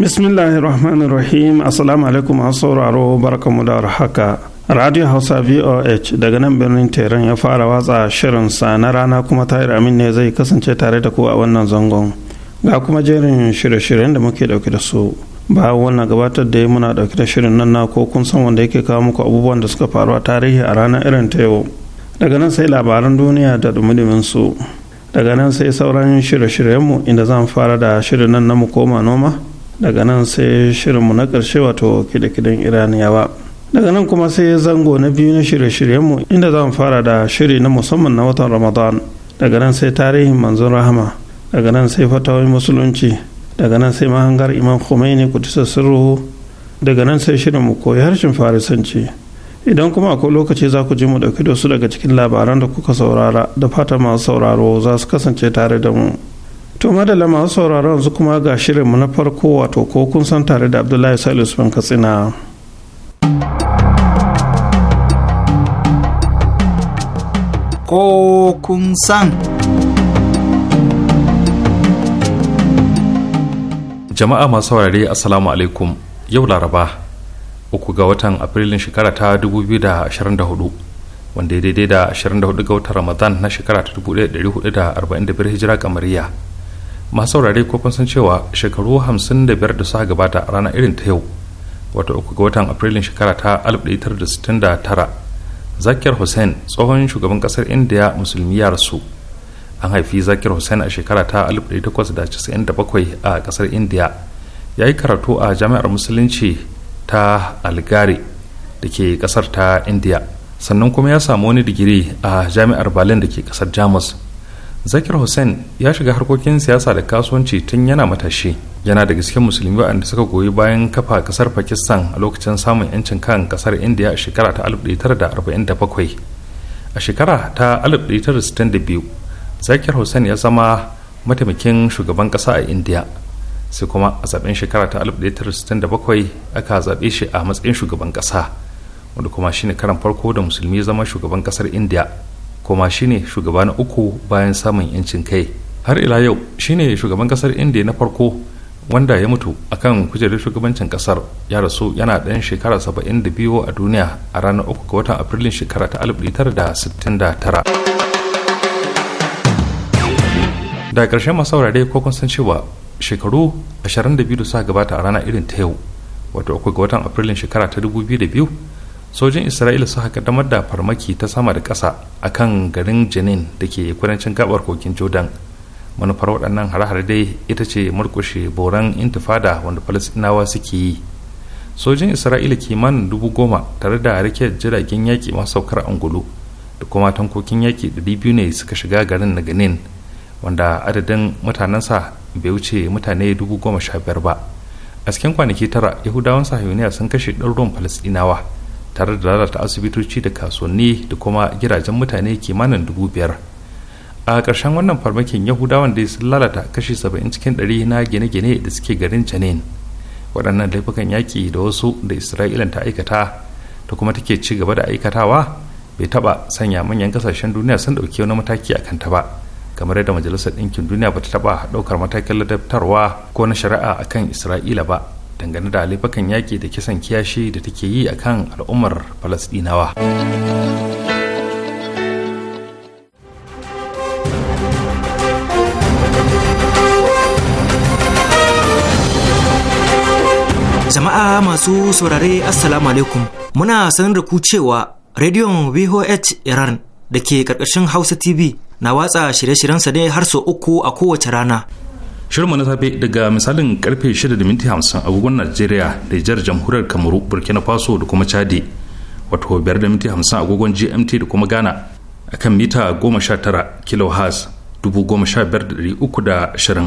bismillahirrahmanirrahim assalamu alaikum masu sauraro barkamu da haka radio hausa voh daga nan birnin teran ya fara watsa shirin sa na rana kuma tahir amin ne zai kasance tare da ku a wannan zangon ga kuma jerin shirye-shiryen da muke dauke da su ba wannan gabatar da muna dauke da shirin nan na ko kun san wanda yake kawo muku abubuwan da suka faru a tarihi a ranar irin ta yau daga nan sai labaran duniya da dumudumin su daga nan sai sauran shirye-shiryenmu inda zan fara da shirin nan na mu koma noma daga nan sai shirinmu na ƙarshe wato kide-kiden iraniyawa daga nan kuma sai zango na biyu na shirye-shiryenmu inda za mu fara da shiri na musamman na watan ramadan daga nan sai tarihin manzon rahama daga nan sai fatawai musulunci daga nan sai mahangar imam khomeini kudisa sirruhu daga nan sai shirin mu koyi harshen farisanci idan kuma akwai lokaci za ku ji mu dauki da su daga cikin labaran da kuka saurara da fata masu sauraro za su kasance tare da mu. to madalla masu sauraron yanzu kuma ga shirinmu na farko wato ko kun san tare da abdullahi salisu ban katsina ko kun san jama'a masu saurare assalamu alaikum yau laraba uku ga watan afrilun shekara ta 2024 wanda ya daidai da 24 ga watan ramadan na shekara ta 1445 hijira kamariya masu saurari ko kun san cewa shekaru 55 da suka gabata a ranar irin ta yau wata uku ga watan afrilun shekara ta 1969 zakiyar hussein tsohon shugaban kasar indiya musulmi ya rasu an haifi zakiyar hussein a shekara ta 1897 a kasar indiya ya yi karatu a jami'ar musulunci ta algari da ke kasar ta indiya sannan kuma ya samu wani digiri a jami'ar berlin da ke kasar jamus zakir hussein ya shiga harkokin siyasa da kasuwanci tun yana matashi yana da gaske musulmi waɗanda suka goyi bayan kafa ƙasar pakistan a lokacin samun yancin kan ƙasar india a shekara ta 1947 a shekara ta 1962 zakir hussein ya zama mataimakin shugaban ƙasa a india sai kuma a zaben shekara ta 1967 aka zaɓe shi a matsayin shugaban ƙasa wanda kuma shine karan farko da musulmi zama shugaban ƙasar india kuma shine shugaba na uku bayan samun 'yancin kai har ila yau shine shugaban kasar indiya na farko wanda ya mutu akan kujerar shugabancin kasar ya rasu yana ɗan shekara 72 a duniya a ranar 3 ga watan afrilun shekara ta 1969 da ƙarshen masu saurare ko kun san cewa shekaru 22 da suka gabata a rana irin ta yau wato 3 ga watan afrilun shekara ta 2002 sojin isra'ila haka kaddamar da farmaki ta sama da ƙasa a kan garin jenin da ke kudancin gabar kokin jordan manufar waɗannan hare-hare dai ita ce murkushe boran intifada wanda falasinawa suke yi sojin isra'ila kimanin dubu goma tare da rike jiragen yaƙi masu saukar angulu da kuma tankokin yaƙi ɗari biyu ne suka shiga garin na ganin wanda adadin mutanensa bai wuce mutane dubu goma sha biyar ba a cikin kwanaki tara yahudawan sahiyoniya sun kashe ɗaurin falasɗinawa tare da lalata asibitoci da kasuwanni da kuma gidajen mutane kimanin dubu biyar a ƙarshen wannan farmakin yahudawan da sun lalata kashi saba'in cikin ɗari na gine-gine da suke garin janin waɗannan laifukan yaƙi da wasu da isra'ila ta aikata da kuma take ci gaba da aikatawa bai taɓa sanya manyan ƙasashen duniya sun ɗauki wani mataki a kanta ba kamar yadda majalisar ɗinkin duniya ba ta taɓa ɗaukar matakin ladabtarwa ko na shari'a akan isra'ila ba dangane da alifakan yaƙi da kisan kiyashi da take yi a kan al'ummar falasdinawa jama'a masu saurare assalamu alaikum muna sanar da ku cewa rediyon voh iran da ke karkashin hausa tv na watsa shirye-shiryensa ne har sau uku a kowace rana shirma na safe daga misalin karfe 6:50 agogon najeriya da jihar jamhuriyar kamaru burkina faso da kuma chadi wato 5:50 agogon gmt da kuma ghana a kan mita 19 kilohertz 15320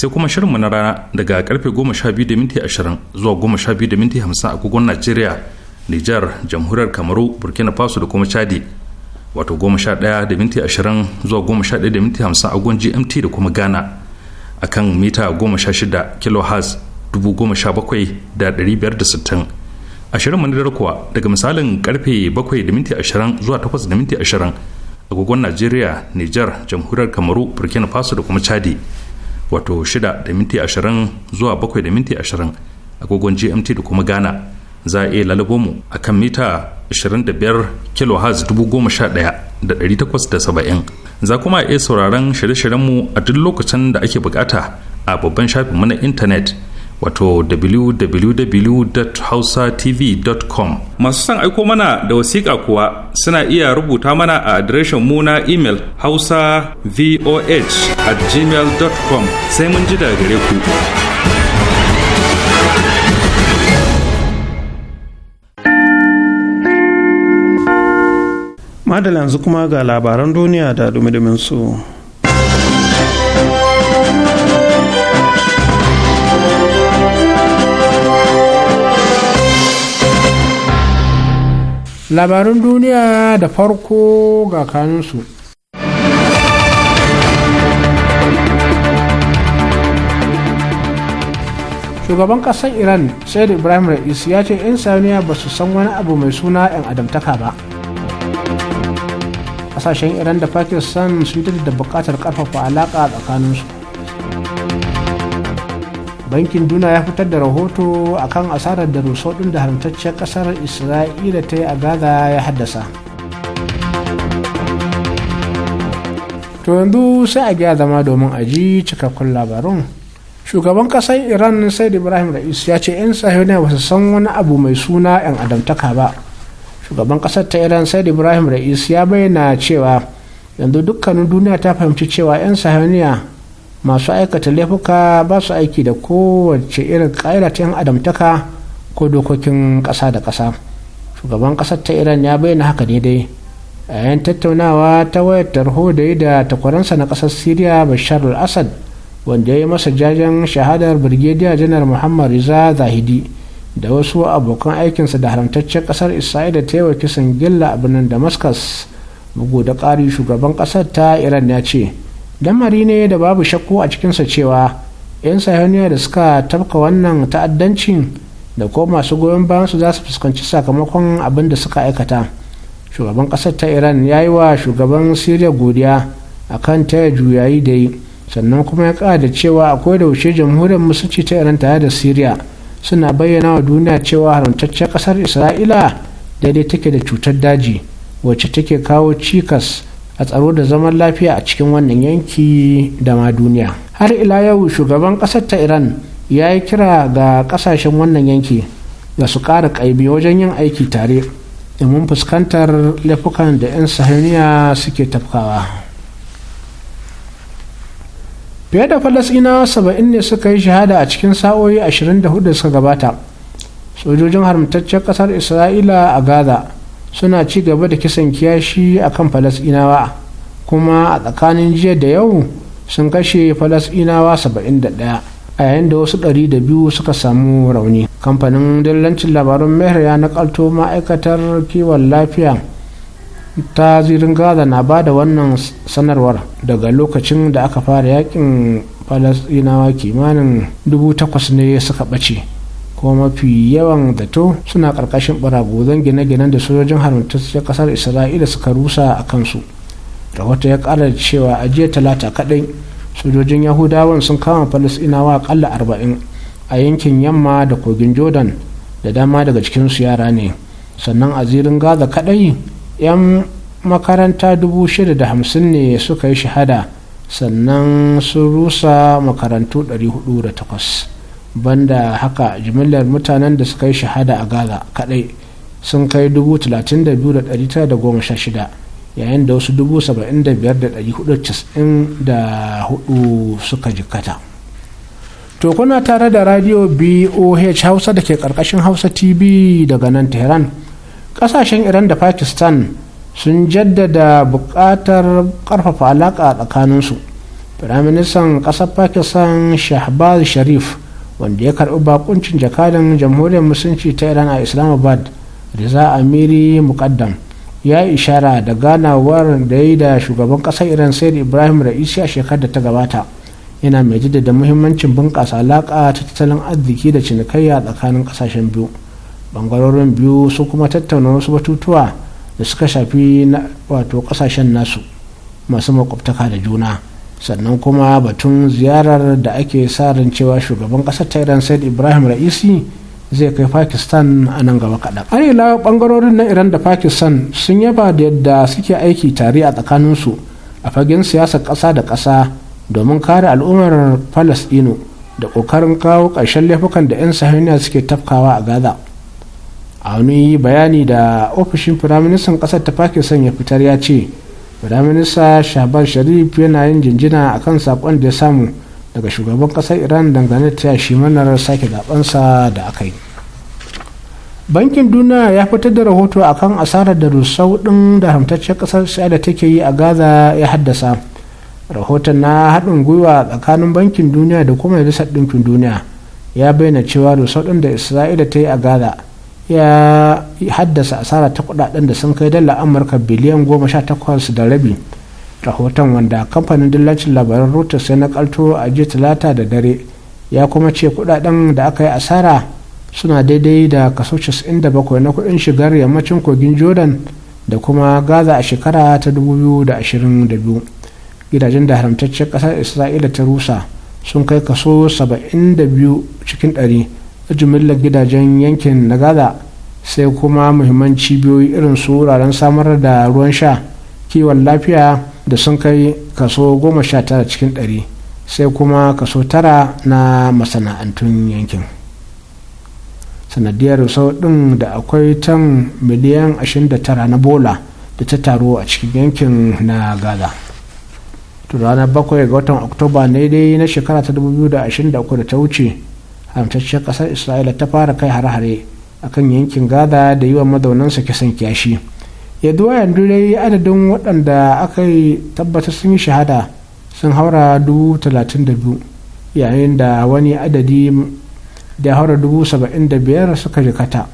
sai kuma shirinmu na rana daga karfe 12:20 zuwa 12:50 agogon najeriya nijar jamhuriyar kamaru burkina faso da kuma chadi wato 11:20 zuwa 11:50 agogon gmt da kuma ghana a kan mita 16 kilohertz 17,560 ashirin manadar kuwa daga misalin karfe 7:20 da 20 zuwa 8:20 da minti agogon najeriya niger jamhuriyar kamaru burkina faso da kuma chadi wato 6.20 zuwa 7.20 agogon gmt da kuma ghana za a iya lalabo mu a kan mita 25 kilohertz 11,870 za kuma iya sauraron shirye-shiryenmu a duk lokacin da ake bukata a babban shafinmu na intanet wato www.hausatv.com masu son aiko mana da wasiƙa kuwa suna iya rubuta mana a adireshin mu na imel hausa voh at gmail.com sai mun ji da gare ku. madala yanzu kuma ga labaran duniya da dumi su. labarun duniya da farko ga kanunsu shugaban kasar iran said ibrahim ra'is ya ce 'yan saniya ba su san wani abu mai suna 'yan adamtaka ba kasashen iran da pakistan sun tafi da bukatar karfafa alaka tsakaninsu bankin Duna ya fitar da rahoto akan asarar da ruso din da haramtacciyar kasar isra'ila ta yi a gaza ya haddasa to yanzu sai a gaya zama domin a ji cikakkun labarun shugaban kasar iran sai ibrahim ra'is ya ce 'yan sahiyoniya ba su san wani abu mai suna 'yan adamtaka ba shugaban kasar ta iran said ibrahim ra'is ya bayyana cewa yanzu dukkanin duniya ta fahimci cewa 'yan sahaniya masu aikata laifuka ba su aiki da kowace irin ƙa'ida ta 'yan adamtaka ko dokokin ƙasa da ƙasa shugaban ƙasar ta iran ya bayyana haka ne dai a yayin tattaunawa ta wayar tarho da yi da takwaransa na ƙasar syria bashar al-assad wanda ya yi masa jajen shahadar birgediya janar muhammad riza zahidi da wasu abokan aikinsa da haramtaccen kasar isra'ila ta yi wa kisan gilla a birnin damascus bugu da ƙari shugaban ƙasar ta iran ya ce lamari ne da babu shakku a cikinsa cewa 'yan sahiyoniya da suka tabka wannan ta'addanci da ko masu goyon bayan su za su fuskanci sakamakon abin da suka aikata shugaban ƙasar ta iran ya yi wa shugaban siriya godiya a akan taya juyayi da yi sannan kuma ya ƙara da cewa akwai da wuce jamhuriyar musulci ta iran tare da siriya suna bayyana wa duniya cewa haramtaccen kasar isra'ila daidai take da cutar daji wacce take kawo cikas a tsaro da zaman lafiya a cikin wannan yanki da ma duniya har ila yau shugaban kasar ta iran ya yi kira ga kasashen wannan yanki da su ƙara ƙaibi wajen yin aiki tare domin fuskantar laifukan da 'yan sahaniya suke tafkawa fiye da falasina saba'in ne suka yi shahada a cikin sa'o'i 24 da suka gabata sojojin haramtaccen kasar isra'ila a gaza suna ci gaba da kisan kiyashi a kan falasinawa kuma a tsakanin jiya da yau sun kashe falasinawa 71 a yayin da wasu ɗari da biyu suka samu rauni kamfanin dillancin labarun mehra ya nakalto ma'aikatar kiwon lafiya ta zirin gaza na ba da wannan sanarwar daga lokacin da aka fara yakin falasinawa kimanin dubu takwas ne suka ɓace kuma mafi yawan zato suna ƙarƙashin baragozan gine-ginen da sojojin haramtacciyar ƙasar isra'ila suka rusa a kansu rahoto ya ƙara cewa a talata kaɗai sojojin yahudawan sun kama falasinawa aƙalla arba'in a yankin yamma da kogin jordan da dama daga cikinsu yara ne sannan a zirin gaza kaɗai 'yan makaranta 650 ne suka yi shahada sannan sun rusa makarantu 408 banda haka jimillar mutanen da suka yi shahada a gaza kadai sun kai 32,916 yayin da wasu 75,494 suka jikata to kuna tare da radio boh hausa da ke karkashin hausa tv daga nan tehran kasashen iran da pakistan sun jaddada buƙatar ƙarfafa alaƙa tsakaninsu firaministan ƙasar pakistan shahbaz sharif wanda ya karɓi bakuncin jakadan jamhuriyar musulunci ta iran a islamabad riza amiri muqaddam ya yi ishara da ganawar da ya yi da shugaban ƙasar iran said ibrahim ra'isi a shekarar da ta gabata yana mai jaddada muhimmancin bunƙasa alaƙa ta tattalin arziki da cinikayya tsakanin ƙasashen biyu bangarorin biyu sun kuma tattauna wasu batutuwa da suka shafi wato kasashen nasu masu makwabtaka da juna sannan kuma batun ziyarar da ake sa ran cewa shugaban kasar ta said ibrahim ra'isi zai kai pakistan a nan gaba kaɗan har ila bangarorin na iran da pakistan sun yaba da yadda suke aiki tare a tsakaninsu a fagen siyasar ƙasa da ƙasa domin kare al'ummar palestino da ƙoƙarin kawo ƙarshen laifukan da 'yan sahiniya suke tafkawa a gaza a wani bayani da ofishin firaministan ƙasar ta pakistan ya fitar ya ce firaminista shabar sharif yana yin jinjina a kan saƙon da ya samu daga shugaban ƙasar iran dangane ta yashi manar sake zaɓensa da aka yi bankin duniya ya fitar da rahoto a kan asarar da rusau ɗin da hamtaccen ƙasar da take yi a gaza ya haddasa rahoton na haɗin gwiwa tsakanin bankin duniya da kuma majalisar ɗinkin duniya ya bayyana cewa rusau ɗin da isra'ila ta yi a gaza ya haddasa asara ta kudaden da sun kai dala amurka biliyan goma sha takwas da rabi rahoton wanda kamfanin dillacin labaran reuters na kalto a jiya talata da dare ya kuma ce kudaden da aka yi asara suna daidai da kaso 97 na kudin shigar yammacin kogin jordan da kuma gaza a shekara ta 2022 gidajen da haramtaccen kasar isra'ila ta rusa sun kai kaso 72 cikin 100 jimillar gidajen yankin na gaza sai kuma muhimman cibiyoyi irin su wuraren samar da ruwan sha kiwon lafiya da sun kai kaso goma sha tara cikin ɗari sai kuma kaso tara na masana'antun yankin sanadiyar sau ɗin da akwai tan miliyan 29 na bola da ta taru a cikin yankin na gaza ranar bakwai ga watan oktoba ne dai na shekara ta 2023 da ta wuce amtacciyar kasar isra'ila ta fara kai hare-hare a kan yankin gada da yi wa madaunansa kisan kyashi yaduwa yanzu dai adadin waɗanda aka yi tabbata sun yi shahada sun haura dubu talatin da biyu yayin da wani adadi da ya haura dubu saba'in da biyar suka jikata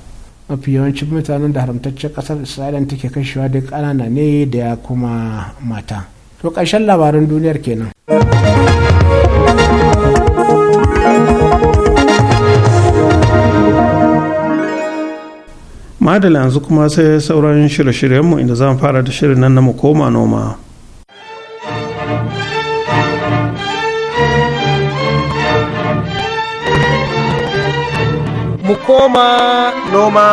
mafi yawancin mutanen da haramtacciyar kasar isra'ila take kashewa duk kanana ne da kuma mata to ƙarshen labarin duniyar kenan. madala yanzu kuma sai sauran shirye-shiryenmu inda zan fara da shirin nan na mu koma noma mu koma noma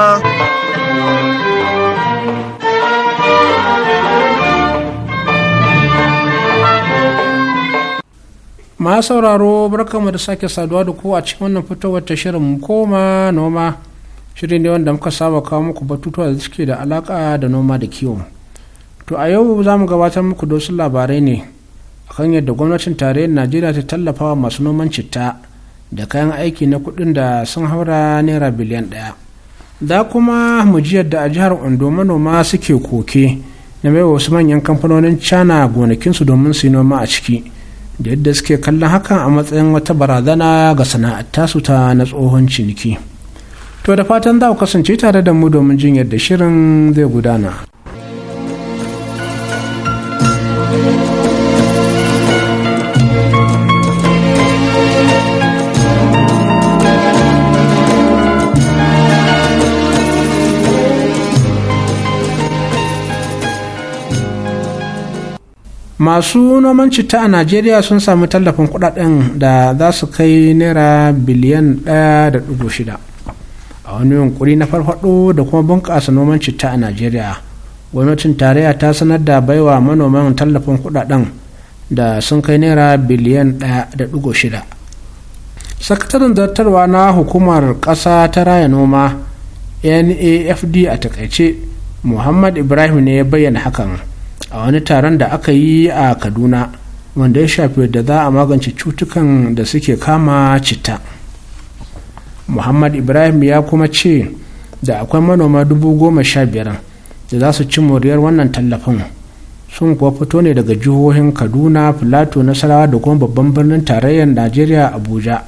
ma sauraro barkamu da sake saduwa da ku a cikin wannan fitowar ta shirin mu koma noma shirin ne wanda muka saba kawo muku batutuwa da suke da alaka da noma da kiwo to a yau za mu gabatar muku da wasu labarai ne akan yadda gwamnatin tarayyar najeriya ta tallafa wa masu noman citta da kayan aiki na kudin da sun haura naira biliyan ɗaya da kuma mu ji yadda a jihar ondo manoma suke koke na mai wasu manyan kamfanonin cana gonakinsu domin su yi noma a ciki da yadda suke kallon hakan a matsayin wata barazana ga sana'ar tasu ta na tsohon ciniki. to da fatan za ku kasance tare da mu domin jin yadda shirin zai gudana masu noman citta a najeriya sun sami tallafin kudaden da za su kai naira biliyan 1.6 a wani yunkuri na farfado da kuma bunƙasa noman citta a najeriya gwamnatin tarayya ta sanar da baiwa manoman tallafin kudaden da sun kai naira biliyan da shida. sakataren zartarwa na hukumar ƙasa ta raya noma nafd a takaice muhammad ibrahim ne ya bayyana hakan a wani taron da aka yi a kaduna wanda ya shafi da za a magance cutukan da suke kama citta. muhammad ibrahim ya kuma ce da akwai manoma dubu goma sha biyar da za su ci moriyar wannan tallafin sun kuwa fito ne daga jihohin kaduna filato nasarawa da kuma babban birnin tarayyar najeriya abuja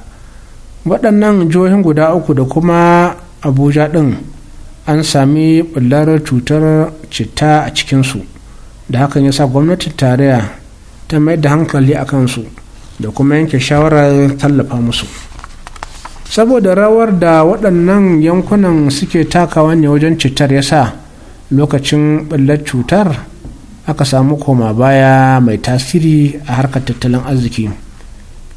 waɗannan jihohin guda uku da kuma abuja ɗin an sami ɓullar cutar citta a cikinsu da hakan ya sa gwamnatin tarayya ta mai da hankali a kansu da kuma yanke shawarar tallafa musu. saboda rawar da waɗannan yankunan suke takawa ne wajen cutar ya sa lokacin ɓallar cutar aka samu koma baya mai tasiri a harkar tattalin arziki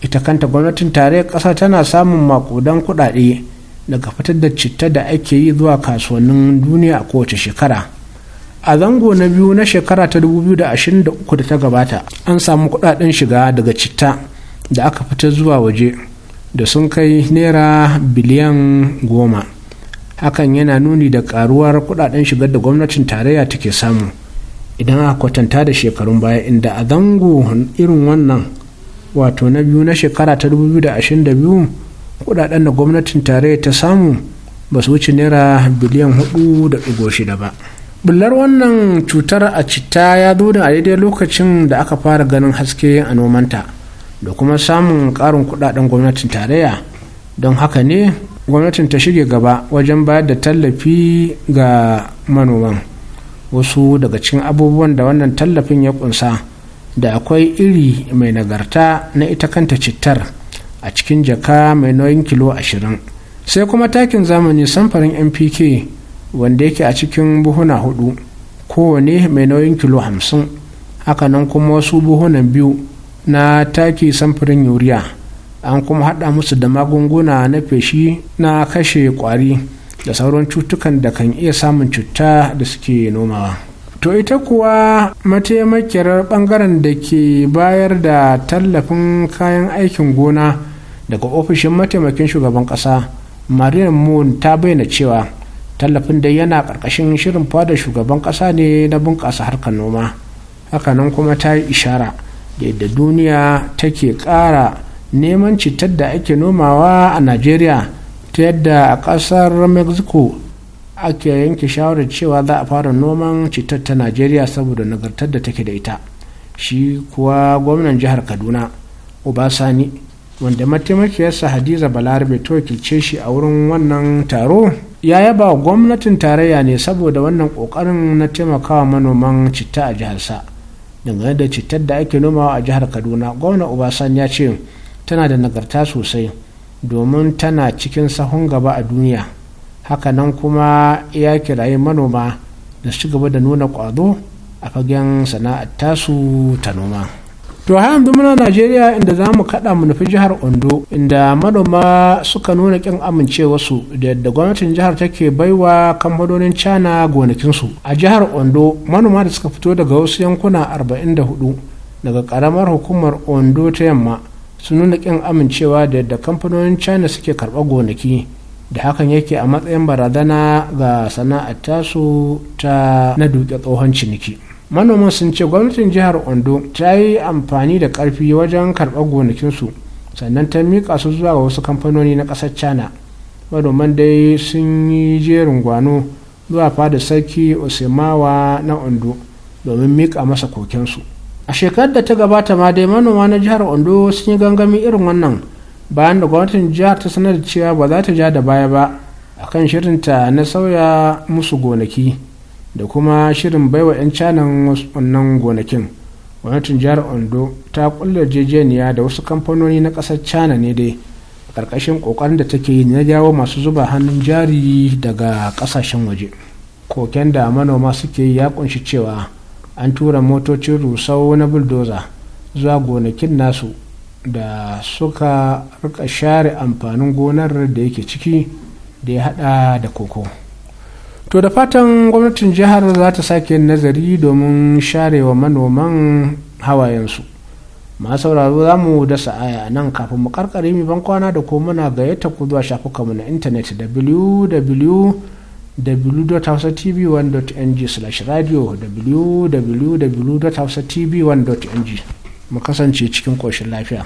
ita kanta gwamnatin tarayyar ƙasa tana samun makudan kuɗaɗe daga fitar da citta da ake yi zuwa kasuwannin duniya a kowace shekara a zango na biyu na shekara ta 2023 da ta gabata an samu kuɗaɗen shiga daga citta da aka fita zuwa waje da sun kai naira biliyan goma hakan yana nuni da karuwar kudaden shigar da gwamnatin tarayya take samu idan aka kwatanta da shekarun baya inda a zango irin wannan wato na biyu na shekara ta 2022 kudaden da gwamnatin tarayya ta samu ba su wuce naira biliyan 4.6 ba bullar wannan cutar a citta ya zo da a daidai lokacin da aka fara ganin haske a nomanta. da kuma samun ƙarin kudaden gwamnatin tarayya don haka ne gwamnatin ta shige gaba wajen bayar da tallafi ga manoman wasu daga cikin abubuwan da wannan tallafin ya kunsa da akwai iri mai nagarta na ita kanta cittar a cikin jaka mai nauyin kilo ashirin sai kuma takin zamani samfarin npk wanda yake a cikin buhuna hudu kowane mai nauyin kilo hamsin hakanan kuma wasu buhunan biyu na taki samfurin yuriya an kuma haɗa musu da magunguna na feshi na kashe kwari da sauran cutukan da kan iya samun cuta da suke nomawa to ita kuwa mataimakiyar bangaren da ke bayar da tallafin kayan aikin gona daga ofishin mataimakin shugaban ƙasa marina moon ta bayyana cewa tallafin da yana ƙarƙashin shirin fada shugaban ƙasa ne na bunƙasa harkar noma hakanan kuma ta yi ishara yadda duniya take ƙara neman citar da ake nomawa a najeriya ta yadda a ƙasar mexico ake yanke shawarar cewa za a fara noman citar ta najeriya saboda nagartar da take da ita shi kuwa gwamnan jihar kaduna obasani wanda mataimakiyarsa hadiza balarabe ta wakilce shi a wurin wannan taro ya yaba gwamnatin tarayya ne saboda wannan ƙoƙarin na taimakawa manoman citta a jiharsa dangane da citar da ake nomawa a jihar kaduna gwamna obasan ya ce tana da nagarta sosai domin tana cikin sahun gaba a duniya hakanan kuma ya kirayi manoma da su gaba da nuna kwazo a fagen sana'ar tasu ta noma. to har yanzu muna najeriya inda za mu kaɗa mu nufi jihar ondo inda manoma suka nuna ƙin amincewarsu da yadda gwamnatin jihar take baiwa kamfanonin cana gonakinsu a jihar ondo manoma da suka fito daga wasu yankuna 44 daga ƙaramar hukumar ondo ta yamma su nuna ƙin amincewa da yadda kamfanonin cana suke karɓa gonaki da hakan yake a matsayin barazana ga sana'a tasu ta na duke tsohon ciniki manoman sun ce gwamnatin jihar ondo ta yi amfani da karfi wajen karɓar gonakinsu sannan ta miƙa su zuwa wasu kamfanoni na ƙasar china manoman dai sun yi jerin gwano zuwa fada sarki osemawa na ondo domin miƙa masa kokensu a shekarar da ta gabata ma dai manoma na jihar ondo sun yi gangami irin wannan bayan da gwamnatin jihar ta sanar da cewa ba za ta ja da baya ba akan shirinta na sauya musu gonaki da kuma shirin baiwa 'yan canan wannan gonakin gwamnatin jihar ondo ta kulle jejeniya da wasu kamfanoni na ƙasar cana ne dai ƙarƙashin ƙoƙarin da take yi na jawo masu zuba hannun jari daga ƙasashen waje koken da manoma suke ya kunshi cewa an tura motocin rusau na buldoza zuwa gonakin nasu da suka rika share amfanin gonar da yake ciki da ya hada da koko. to da fatan gwamnatin jihar za ta sake nazari domin share wa manoman hawayensu masu sauraro za mu dasa aya nan kafin mu karkare mu ban kwana da ko muna gayyata ku zuwa shafukanmu na intanet www.hausatv1.ng slash radio www.hausatv1.ng mu kasance cikin koshin lafiya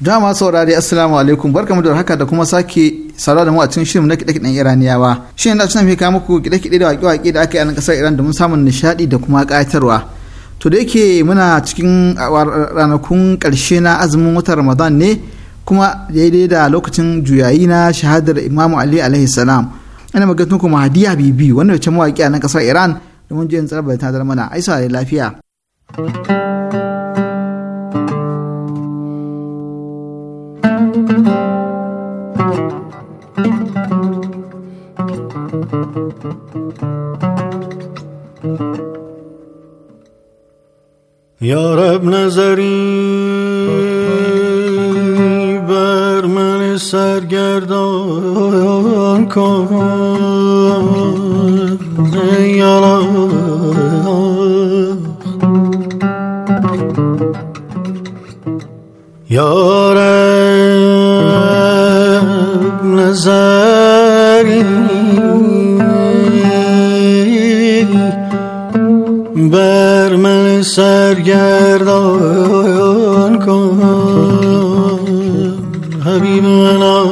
Dama saurari Assalamu alaikum barkamu da haka da kuma sake saurara da mu a cikin shirin na kiɗe-kiɗen Iraniyawa. Shin na tunan ka muku kiɗe-kiɗe da waƙe-waƙe da aka yi a ƙasar Iran domin samun nishaɗi da kuma ƙayatarwa. To da yake muna cikin ranakun ƙarshe na azumin watan Ramadan ne kuma daidai da lokacin juyayi na shahadar Imam Ali alaihi salam. Ana magana kuma Hadiya Bibi wanda wacce mawaƙi a nan ƙasar Iran domin jin tsarbar ta mana. Ai saurari lafiya. یارب نظری بر من سرگردان کن یارب یارب نظری بر من سرگردان کن حبیب من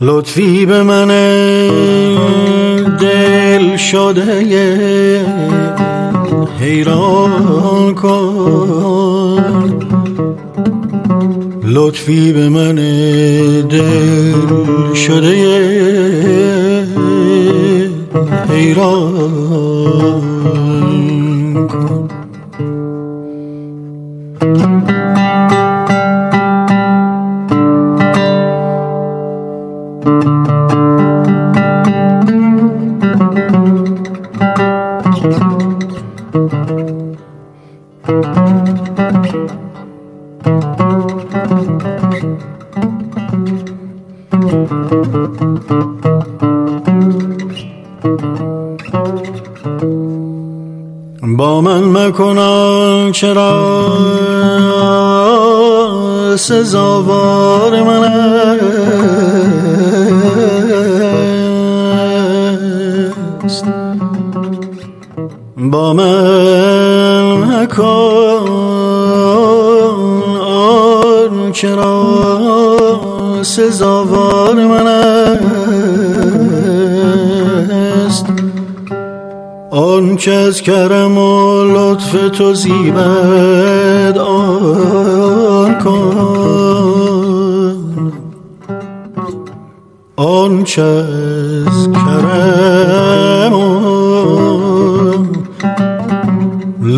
لطفی به من دل شده حیران کن لطفی به من دل شده حیران کن چرا سزاوار من است با من مکن آن چرا سزاوار من است آن که از کرم لطف تو زیبد آن کن آن چز کرم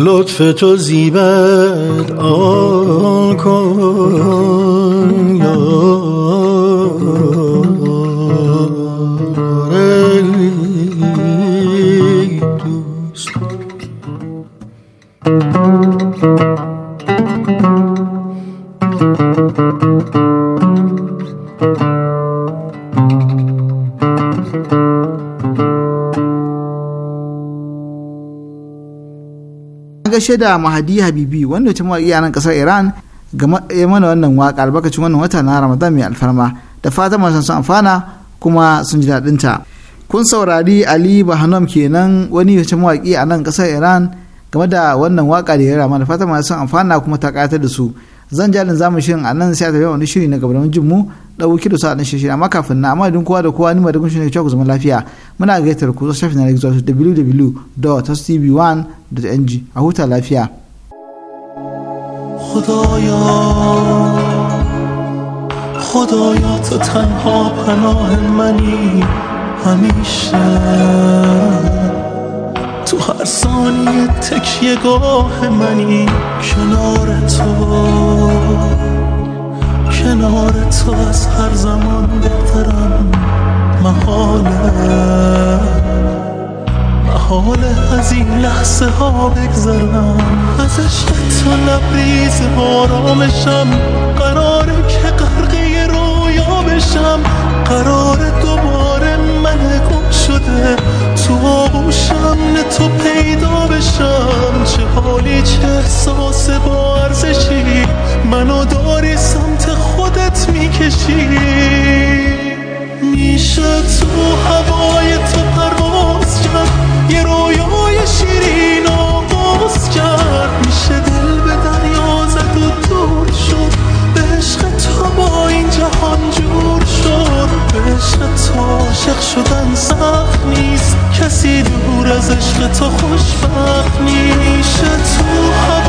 لطف تو زیبد آن کن gaishe da mahadi habibi wanda ta iya nan kasar iran ga mana wannan waka albarkacin wannan wata na ramadan mai alfarma da fatan masu sun amfana kuma sun ji daɗin ta kun saurari ali bahanom kenan wani wata mawaƙi a nan kasar iran game da wannan waka da ya rama da fatan masu sun amfana kuma ta ƙayatar da su zan jalin zamu shirin a nan sai ta wani shiri na gaba jin mu dauki da sa'adin shi amma kafin na amma idan kowa da kowa ni kun shi ne ku zama lafiya muna gaitar ku zo shafin na gizo www.tv1.ng a huta lafiya خدایا خدایا تو تنها پناه منی همیشه تو هر ثانیه تکیه گاه منی کنار تو کنار تو از هر زمان بهترم محاله محاله از این لحظه ها بگذرم از عشق تو لبریز آرامشم قراره که قرقه رویا بشم باشم چه حالی چه احساس با ارزشی منو داری سمت خودت میکشی میشه تو هوا از عشق تو خوشبخت میشه تو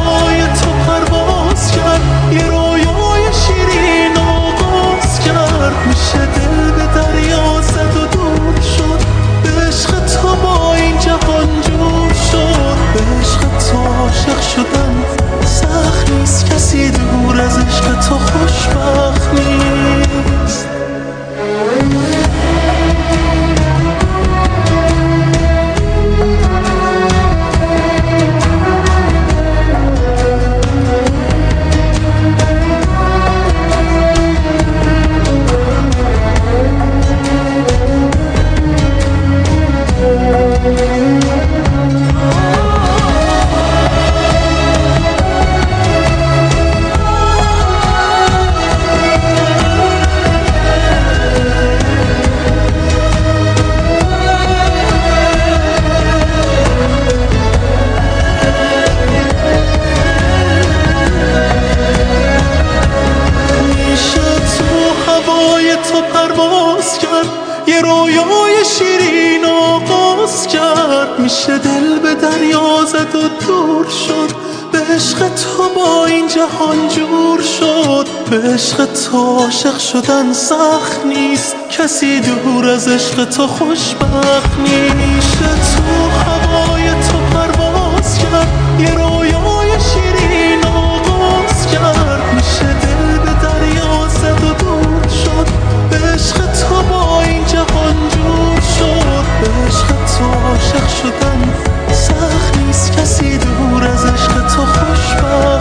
جهان جور شد به عشق تو عاشق شدن سخت نیست کسی دور از عشق تو خوشبخت نیست تو هوای تو پرواز کرد یه رویای شیرین آغاز کرد میشه دل به دریا زد و دور شد به عشق تو با این جهان جور شد به عشق تو عاشق شدن سخت نیست کسی دور از عشق تو خوشبخت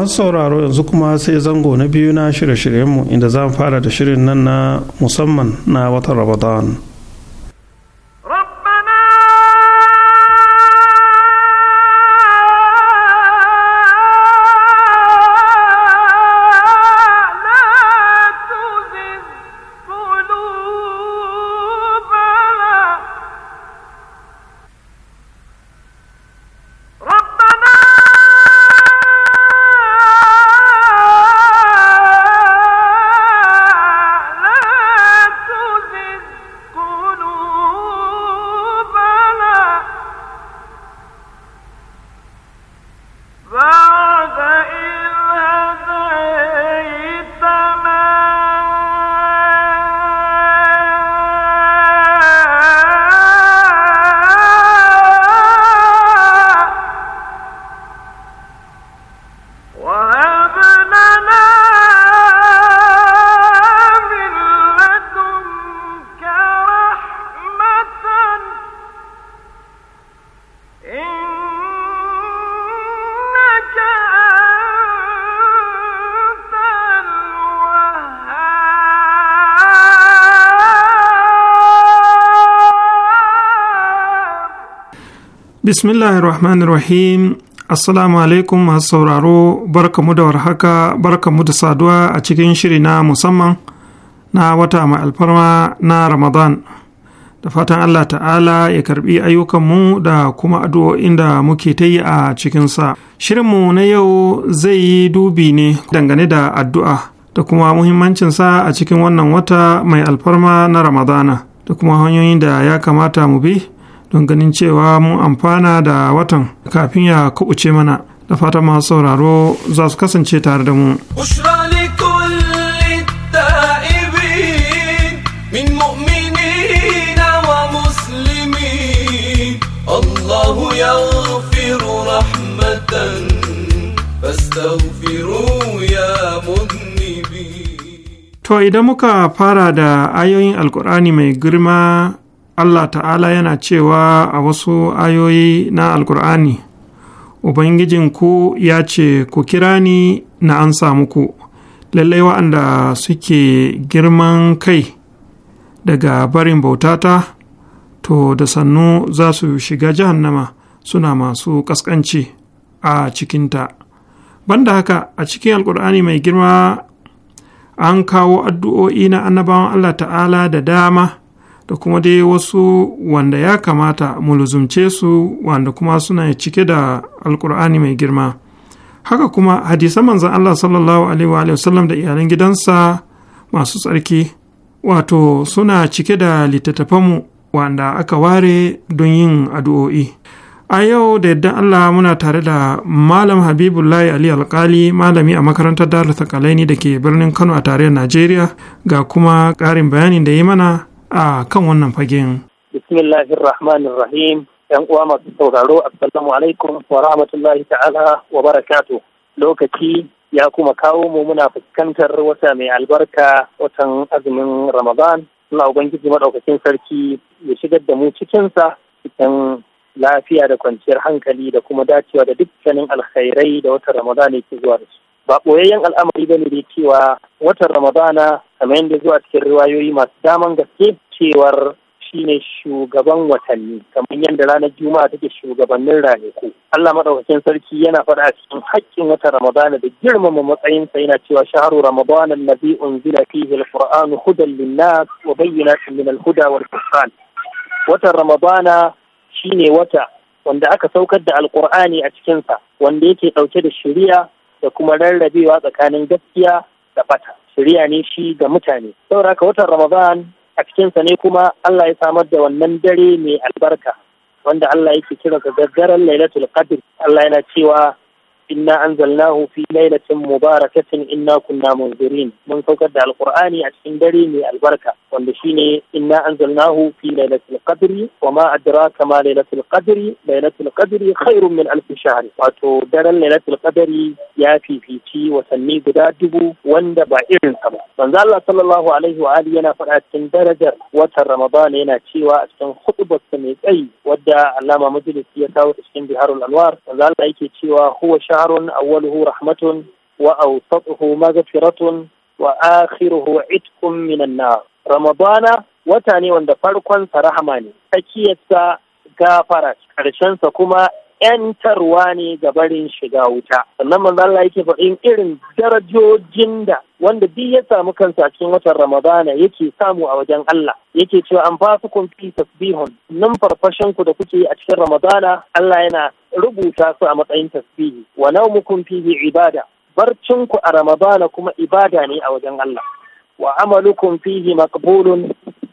masu sauraro yanzu kuma sai zango na biyu na shirye-shiryenmu inda za mu fara da shirin nan na musamman na watan ramadan Bismillahirrahmanirrahim. Assalamu alaikum masu sauraro barkamu da warhaka barkamu da saduwa a cikin shiri na musamman na wata mai alfarma na Ramadan. Da fatan Allah ta'ala ya karbi ayyukanmu da kuma addu'o'in da muke ta yi a cikinsa. Shirinmu na yau zai yi dubi ne dangane da addu'a da kuma muhimmancinsa a cikin wannan wata mai alfarma na Ramadana da kuma hanyoyin da ya kamata mu bi. don ganin cewa mun amfana da watan kafin ya kubuce mana da fata masu sauraro za su kasance tare da mu. To idan muka fara da ayoyin Alkur'ani mai girma Allah ta'ala yana cewa a wasu ayoyi na Alkur'ani, Ubangijinku ya ce, Ku kira ni na an samu ku, lallai wa'anda suke girman kai daga barin bautata, to da sannu za su shiga jahannama suna masu ƙasƙanci a cikinta. Banda haka, a cikin Alkur'ani mai girma an kawo addu'o'i na annabawan Allah ta'ala da dama. da kuma dai wasu wanda ya kamata mu luzumce su wanda kuma suna cike da alkur'ani mai girma haka kuma hadisan manzan Allah sallallahu alaihi sallam da iyalan gidansa masu tsarki wato suna cike da littattafanmu wanda aka ware don yin addu'o'i a yau da yadda Allah muna tare da malam habibullahi ali alkali malami a makarantar darul thakalaini da ke birnin kano a tarayyar najeriya ga kuma ƙarin bayanin da ya mana a kan wannan fagen. Bismillahirrahmanirrahim. ‘Yan uwa masu sauraro, Assalamu alaikum wa rahmatullahi ta'ala wa barakatu. Lokaci ya kuma kawo mu muna fuskantar wata mai albarka watan azumin Ramadan. Allah Ubangiji maɗaukacin sarki ya shigar da mu cikinsa cikin lafiya da kwanciyar hankali da kuma dacewa da dukkanin alkhairai da watan Ramadan ke zuwa da su. ba ɓoyayyen al'amari bane da cewa watan ramadana kamar yadda zuwa cikin riwayoyi masu daman gaske cewar shine shugaban watanni kamar yadda ranar juma'a take shugabannin ranaku Allah maɗaukakin sarki yana faɗa cikin haƙƙin watan ramadana da girmama matsayinsa yana cewa shaharu ramadana allazi unzila fihi alqur'anu hudan linnas wa bayyinatin min alhuda wal furqan watan ramadana shine wata wanda aka saukar da alqur'ani a cikinsa wanda yake ɗauke da shari'a da kuma rarrabewa tsakanin gaskiya da fata. shirya ne shi ga mutane saboda ka watan ramadan a cikinsa ne kuma allah ya samar da wannan dare mai albarka wanda allah yake kira ga gaggaran lailatul qadr allah yana cewa inna anzalnahu fi lailatin mubarakatin inna kunna munzirin mun saukar da alqur'ani a cikin dare mai albarka wanda shine inna anzalnahu fi lailatul qadri wa ma adraka ma lailatul qadri lailatul qadri khairun min alf shahr wato daren lailatul qadri ya fifici watanni guda dubu wanda ba irin sa ba manzo Allah sallallahu alaihi wa alihi yana faɗa cikin darajar watan Ramadan yana cewa a cikin hudubarsa mai tsayi wadda Allama Majalisi ya kawo cikin Biharul Anwar manzo Allah yake cewa huwa sha نهر أوله رحمة وأوسطه مغفرة وآخره عتق من النار رمضان وتاني وند فرقا فرحماني تكيسا ta ƙarshen sa kuma ‘yantarwa ne ga barin shiga wuta. Sannan manzo Allah yake faɗin irin darajojin da wanda duk ya samu kansa cikin watan Ramadana yake samu a wajen Allah. Yake cewa an ba su kun fi tasbihun nan farfashin ku da kuke a cikin Ramadana Allah yana rubuta su a matsayin tasbihi wa naumukum fihi ibada barcinku a ramadana kuma ibada ne a wajen Allah wa amalukum fihi maqbulun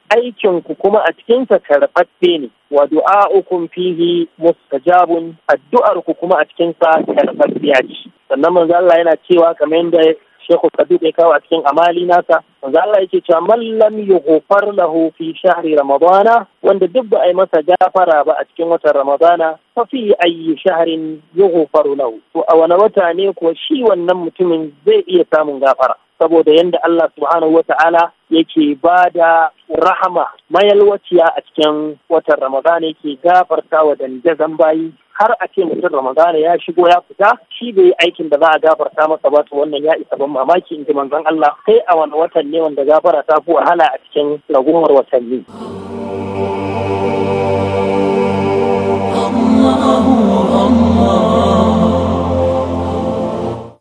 aikinku kuma a cikinsa karɓaɓɓe ne wa du'a'ukum fihi mustajabun addu'arku kuma a cikinsa karɓaɓɓiya ce sannan manzo Allah yana cewa kamar yadda Sheikh Sadiq ya kawo a cikin amali nasa manzo Allah yake cewa man lam yughfar lahu fi shahri ramadana wanda duk ba a yi masa gafara ba a cikin watan ramadana fa fi ayi shahrin yughfaru lahu to a wani wata ne kuwa shi wannan mutumin zai iya samun gafara saboda yadda Allah subhanahu wa ta'ala yake ba da rahama mayalwaciya a cikin watan ramadana yake gafarta wa dandazon bayi har a ce mutum ramadana ya shigo ya fita shi da yi aikin da za a gafarta masa ba to wannan ya isa ban mamaki in ji manzon Allah sai a wani watan ne wanda gafara ta fi wahala a cikin ragowar watanni.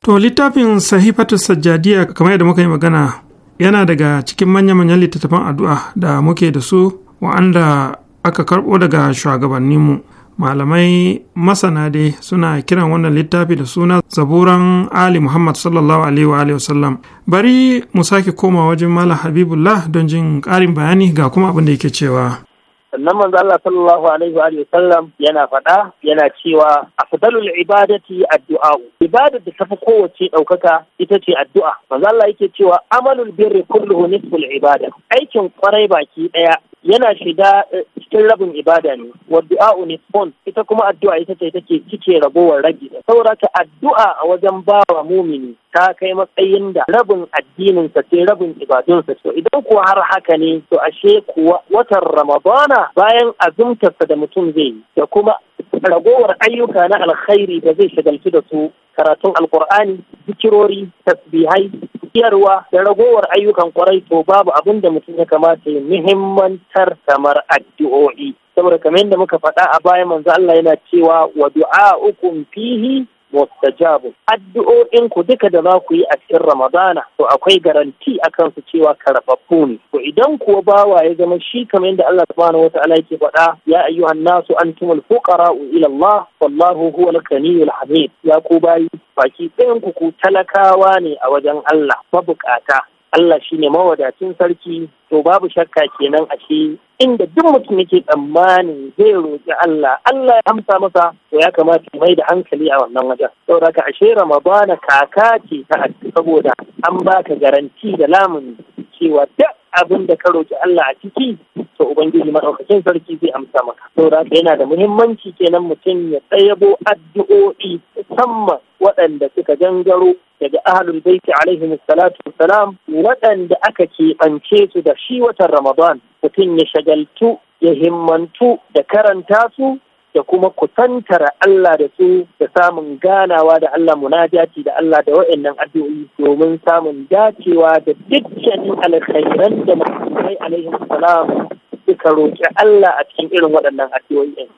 To littafin sahifatu sajjadiya kamar yadda muka yi magana yana daga cikin manya-manyan littattafan addu'a da muke da su wa'anda aka karɓo daga shugabanninmu malamai masana dai suna kiran wannan littafi da suna zaburan ali muhammad sallallahu alaihi wa wasallam bari mu sake koma wajen malam habibullah don jin karin bayani ga kuma abin da yake cewa sannan manzo Allah sallallahu alaihi wa sallam yana faɗa yana cewa afdalul ibadati addu'a ibadar da tafi kowace ɗaukaka ita ce addu'a manzo Allah yake cewa amalul birri kulluhu nisful ibada aikin kwarai baki ɗaya yana shiga eh, cikin rabin ibada ne wa du'a'u nisfun ita kuma addu'a ita ce take cike ragowar ragi saboda Saurata addu'a a wajen bawa mumini ta kai matsayin da rabin addinin sa sai rabin ibadunsa. to idan kuwa har haka ne to ashe kuwa watan ramadana bayan azumtarsa da mutum zai yi da kuma ragowar ayyuka na alkhairi da zai shagaltu da su karatun alkur'ani zikirori tasbihai ciyarwa da ragowar ayyukan kwarai to babu abin da mutum ya kamata ya muhimmantar kamar addu'o'i saboda kamar yadda muka faɗa a baya manzo Allah yana cewa wa du'a ukum fihi mustajabu addu'o'in ku duka da za ku yi a cikin ramadana to akwai garanti akan su cewa karɓaɓɓu ne to idan kuwa bawa ya zama shi kamar yadda Allah subhanahu wa ta'ala yake faɗa ya ayyuhan nasu antumul fuqara'u ila Allah wallahu huwal ghaniyyul hamid ya ku bayi baki ɗayan ku ku talakawa ne a wajen Allah mabukata Allah shine mawadacin sarki to babu shakka kenan ashe inda duk mutum yake tsammani zai roƙi Allah Allah ya amsa masa to ya kamata mai da hankali a wannan wajen saboda ka ashe Ramadana kaka ce ta saboda an baka garanti da lamuni cewa duk abin da ka roki Allah a ciki to ubangiji madaukakin sarki zai amsa maka saboda haka yana da muhimmanci kenan mutum ya tsayabo addu'o'i musamman waɗanda suka gangaro daga ahalul baiti alaihi salatu salam. waɗanda aka keɓance su da shi watan ramadan mutum ya shagaltu ya himmantu da karanta su da kuma kusantar Allah da su da samun ganawa da Allah munajati da Allah da wa'annan addu'o'i domin samun dacewa da dukkanin alkhairan da musulmai alaihi salam suka roƙi Allah a cikin irin waɗannan addu'o'i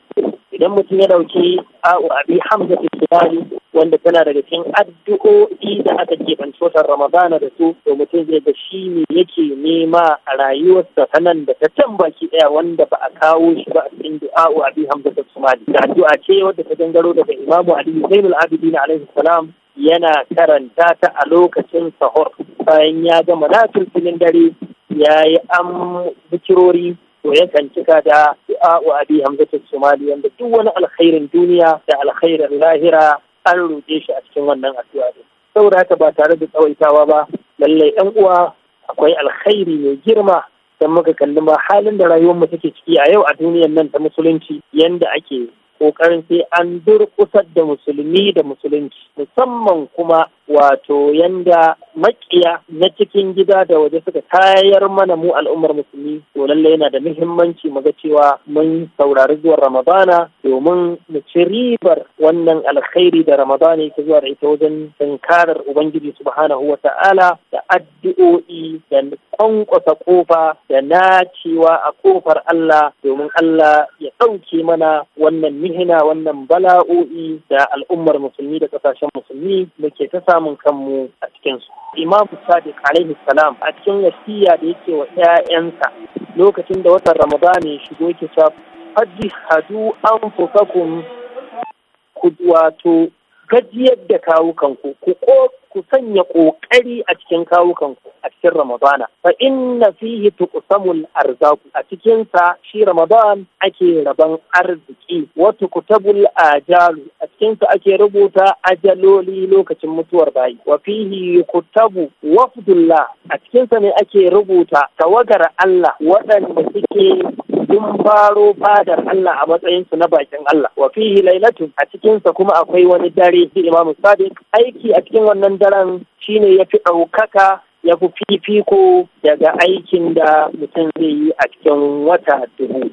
idan mutum ya dauki a'u abi hamza islami wanda tana daga cikin addu'o'i da aka ke watan ramadana da su to mutum zai ga shi ne yake nema a rayuwarsa ta nan da ta can baki ɗaya wanda ba a kawo shi ba a cikin du'a'u abi hamza da sumali da addu'a ce wadda ta gangaro daga imamu ali zainul abidin alaihi salam yana karanta ta a lokacin sahur bayan ya gama na filin dare ya yi an bikirori to yakan cika da du'a wa abi hamzatu somaliya da duk wani alkhairin duniya da alkhairin lahira an roƙe shi a cikin wannan addu'a din saboda haka ba tare da tsawaitawa ba lallai yan uwa akwai alkhairi mai girma dan muka kalli ma halin da rayuwar mu take ciki a yau a duniyar nan ta musulunci yanda ake kokarin sai an durƙusar da musulmi da musulunci musamman kuma wato yanda makiya na cikin gida da waje suka tayar mana mu al'ummar musulmi to lallai yana da muhimmanci mu ga cewa mun saurari zuwan ramadana domin mu ci ribar wannan alkhairi da ramadana yake zuwa da ita wajen tunkarar ubangiji subhanahu wa ta'ala da addu'o'i da kwankwasa kofa da nacewa a kofar Allah domin Allah ya ɗauke mana wannan mihina wannan bala'o'i da al'ummar musulmi da ƙasashen musulmi muke ta samun kanmu a cikinsu. Imam Sadiq alaihi salam a cikin wasiya da yake wa 'ya'yansa lokacin da watan Ramadan ya shigo yake Haji hadu an fukakum ku wato gajiyar da kawukanku ku ku sanya ƙoƙari a cikin kawukanku a cikin Ramadana. Fa inna fihi tuqsamul arzaku a cikin sa shi Ramadan ake raban arziki wa tuqtabul ajalu a cikin sa ake rubuta ajaloli lokacin mutuwar bayi wa fihi yuktabu wafdullah a cikin sa ne ake rubuta tawagar Allah waɗanda suke sun faro fadar Allah a matsayinsu na bakin Allah wa fihi lailatun a cikinsa kuma akwai wani dare shi imamu sadiq aiki a cikin wannan daren shine ya fi ɗaukaka ya fi fifiko daga aikin da mutum zai yi a cikin wata dubu.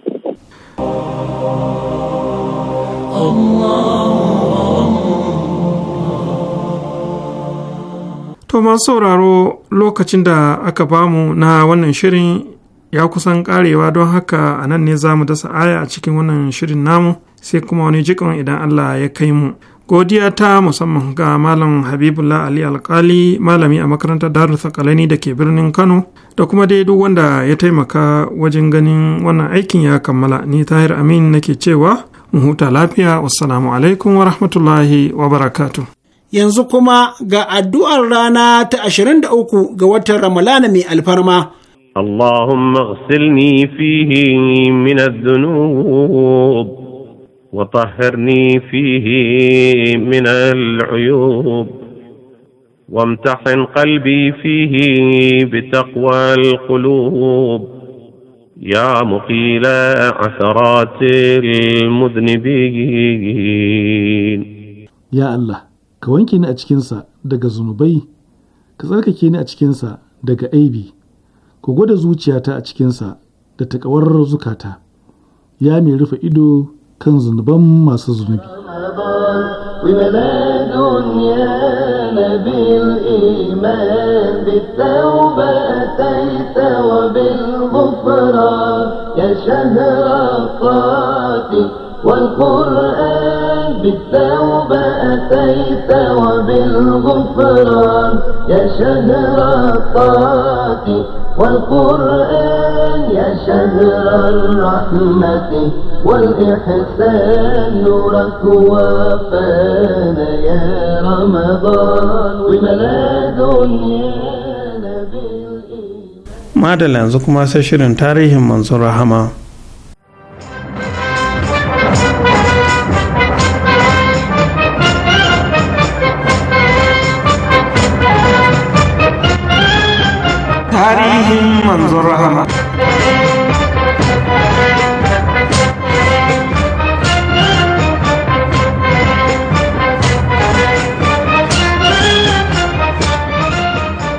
To masu sauraro lokacin da aka bamu na wannan shirin ya kusan karewa don haka a nan ne za mu dasa aya a cikin wannan shirin namu sai kuma wani jikon idan Allah ya kai mu. Godiya ta musamman ga Malam Habibullah Ali Alkali malami a makarantar Darul Sakalani da ke birnin Kano da kuma dai duk wanda ya taimaka wajen ganin wannan aikin ya kammala ni Tahir Amin nake cewa mu huta lafiya wassalamu alaikum wa rahmatullahi wa barakatu. Yanzu kuma ga addu'ar rana ta 23 ga watan Ramalana mai alfarma. اللهم اغسلني فيه من الذنوب وطهرني فيه من العيوب وامتحن قلبي فيه بتقوى القلوب يا مقيل عثرات المذنبين يا الله كونك أتشكنسا دقا زنوبي كذلك كي أتشكنسا دقا أيبي ku gwada zuciyata a cikinsa da takawar zukata ya mai rufe ido kan zunuban masu zunubi والقرآن بالتوبة أتيت وبالغفران يا شهر الطاعة والقرآن يا شهر الرحمة والإحسان نورك وفانا يا رمضان وملا دنيا بالإيمان zukuma sai shirin tarihin Mansur Rahama. tarihin manzon rahama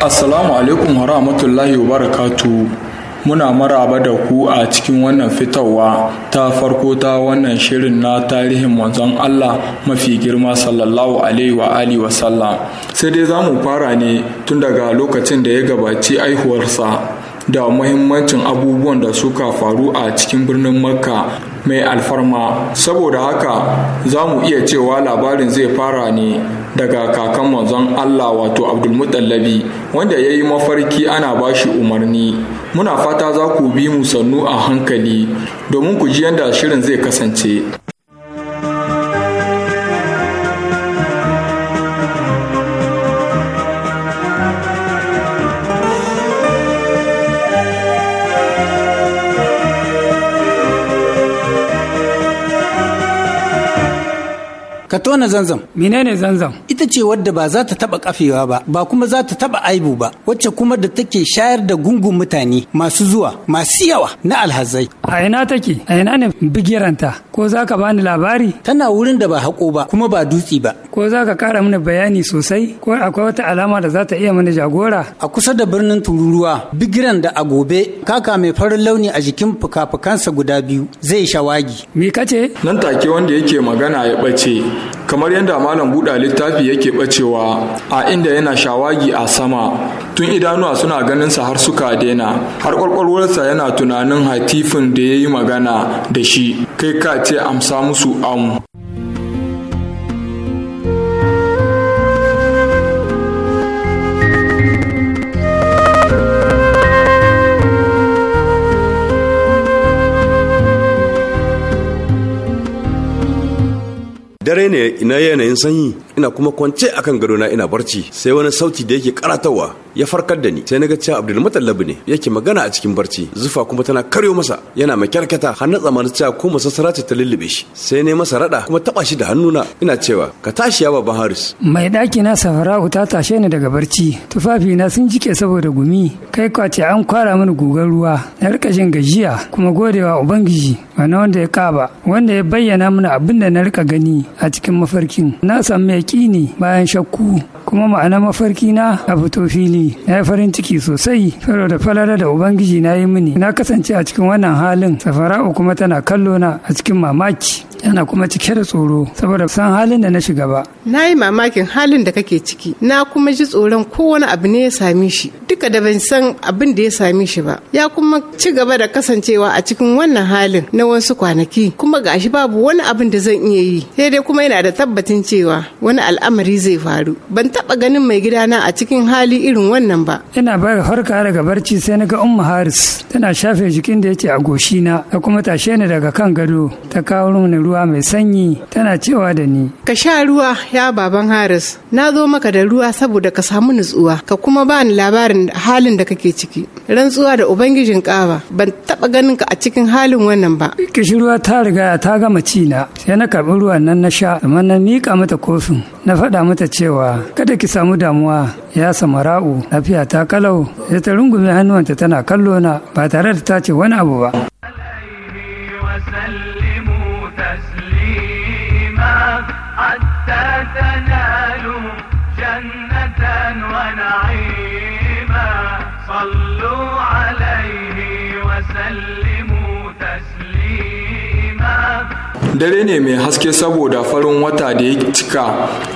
assalamu alaikum wa rahmatullahi wa barakatuh muna maraba da ku a cikin wannan fitowa ta farko ta wannan shirin na tarihin manzon Allah mafi girma sallallahu alaihi wa alihi wa sallam sai dai za mu fara ne tun daga lokacin da ya gabaci aihuwarsa da muhimmancin abubuwan da suka faru a cikin birnin makka mai alfarma saboda haka za mu iya cewa labarin zai fara ne daga kakan manzon Allah wato Abdulmutallabi wanda ya yi mafarki ana ba shi umarni muna fata za ku bi mu sannu a hankali domin ku ji yadda shirin zai kasance ka tona zanzam menene zanzam ita ce wadda ba za ta taba kafewa ba ba kuma za ta taba aibu ba wacce kuma da take shayar da gungun mutane masu zuwa masu yawa na alhazai a ina take a ina ne bigiranta ko za ka bani labari tana wurin da ba hako ba kuma ba dutse ba ko za ka kara mana bayani sosai ko akwai wata alama da za ta iya mana jagora a kusa da birnin tururuwa bigiran da a gobe kaka mai farin launi a jikin fuka-fukansa guda biyu zai shawagi me kace nan take wanda yake magana ya bace kamar yadda malam buɗa littafi yake ɓacewa, a inda yana shawagi a sama tun idanuwa suna ganinsa har suka daina har ƙwarƙwarwarsa yana tunanin hatifin da ya yi magana da shi kai ka ce amsa musu amu dare ne na yanayin sanyi ina kuma kwance akan gadona ina barci sai wani sauti da yake karatawa ya farkar da ni sai na ga cewa Abdul ne yake magana a cikin barci zufa kuma tana karyo masa yana makyarkata har na tsammanin cewa ko masassara ta lullube shi sai ne masa raɗa. kuma taba shi da hannuna ina cewa ka tashi ya baban Haris mai ɗaki na Safara'u ta tashe ni daga barci tufafi na sun jike saboda gumi kai kwace an kwara mini gugar ruwa na rika jin gajiya kuma godewa ubangiji wani wanda ya kaba wanda ya bayyana mini abin da na rika gani a cikin mafarkin na san me ne bayan shakku kuma ma'ana mafarki na a fito fili na yi farin ciki sosai saboda falala da ubangiji na yi mini na kasance a cikin wannan halin safara'u kuma tana kallo na a cikin mamaki yana kuma cike da tsoro saboda san halin da na shiga ba na yi mamakin halin da kake ciki na kuma ji tsoron kowane abu ne ya same shi duka da ban san abin da ya same shi ba ya kuma ci gaba da kasancewa a cikin wannan halin na wasu kwanaki kuma gashi babu wani abin da zan iya yi sai dai kuma yana da tabbacin cewa wani al'amari zai faru ban taba ganin mai gidana a cikin hali irin wannan ba ina bar harka daga barci sai na ga umma haris tana shafe jikin da yake a goshina ta kuma tashe ni daga kan gado ta kawo mini ruwa mai sanyi tana cewa da ni ka sha ruwa ya baban haris na zo maka da ruwa saboda ka samu nutsuwa ka kuma ba ni labarin halin da kake ciki rantsuwa da ubangijin kaba ban taɓa ganin ka a cikin halin wannan ba kishiruwa ta riga ta gama ci na sai na karɓi ruwan nan na sha amma na miƙa mata kofin na faɗa mata cewa kada ki samu damuwa ya samara'u lafiya ta kalau sai ta rungume hannuwanta tana kallo na ba tare da ta ce wani abu ba. تنالوا جنة ونعيما صلوا عليه وسلموا تسليما dare ne mai haske saboda farin wata da ya cika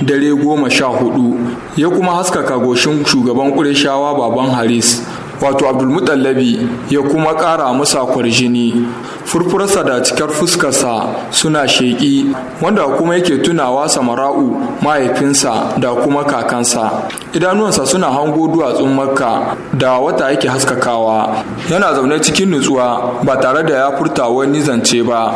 dare goma sha hudu ya kuma haskaka goshin shugaban kureshawa baban haris wato abdulmutallabi ya kuma ƙara musa kwarjini furfurarsa da cikar fuskarsa suna sheƙi wanda kuma yake tunawa samara'u mahaifinsa da kuma kakansa idanuwansa suna hango duwatsun makka da wata yake haskakawa yana zaune cikin nutsuwa ba tare da ya furta wani zance ba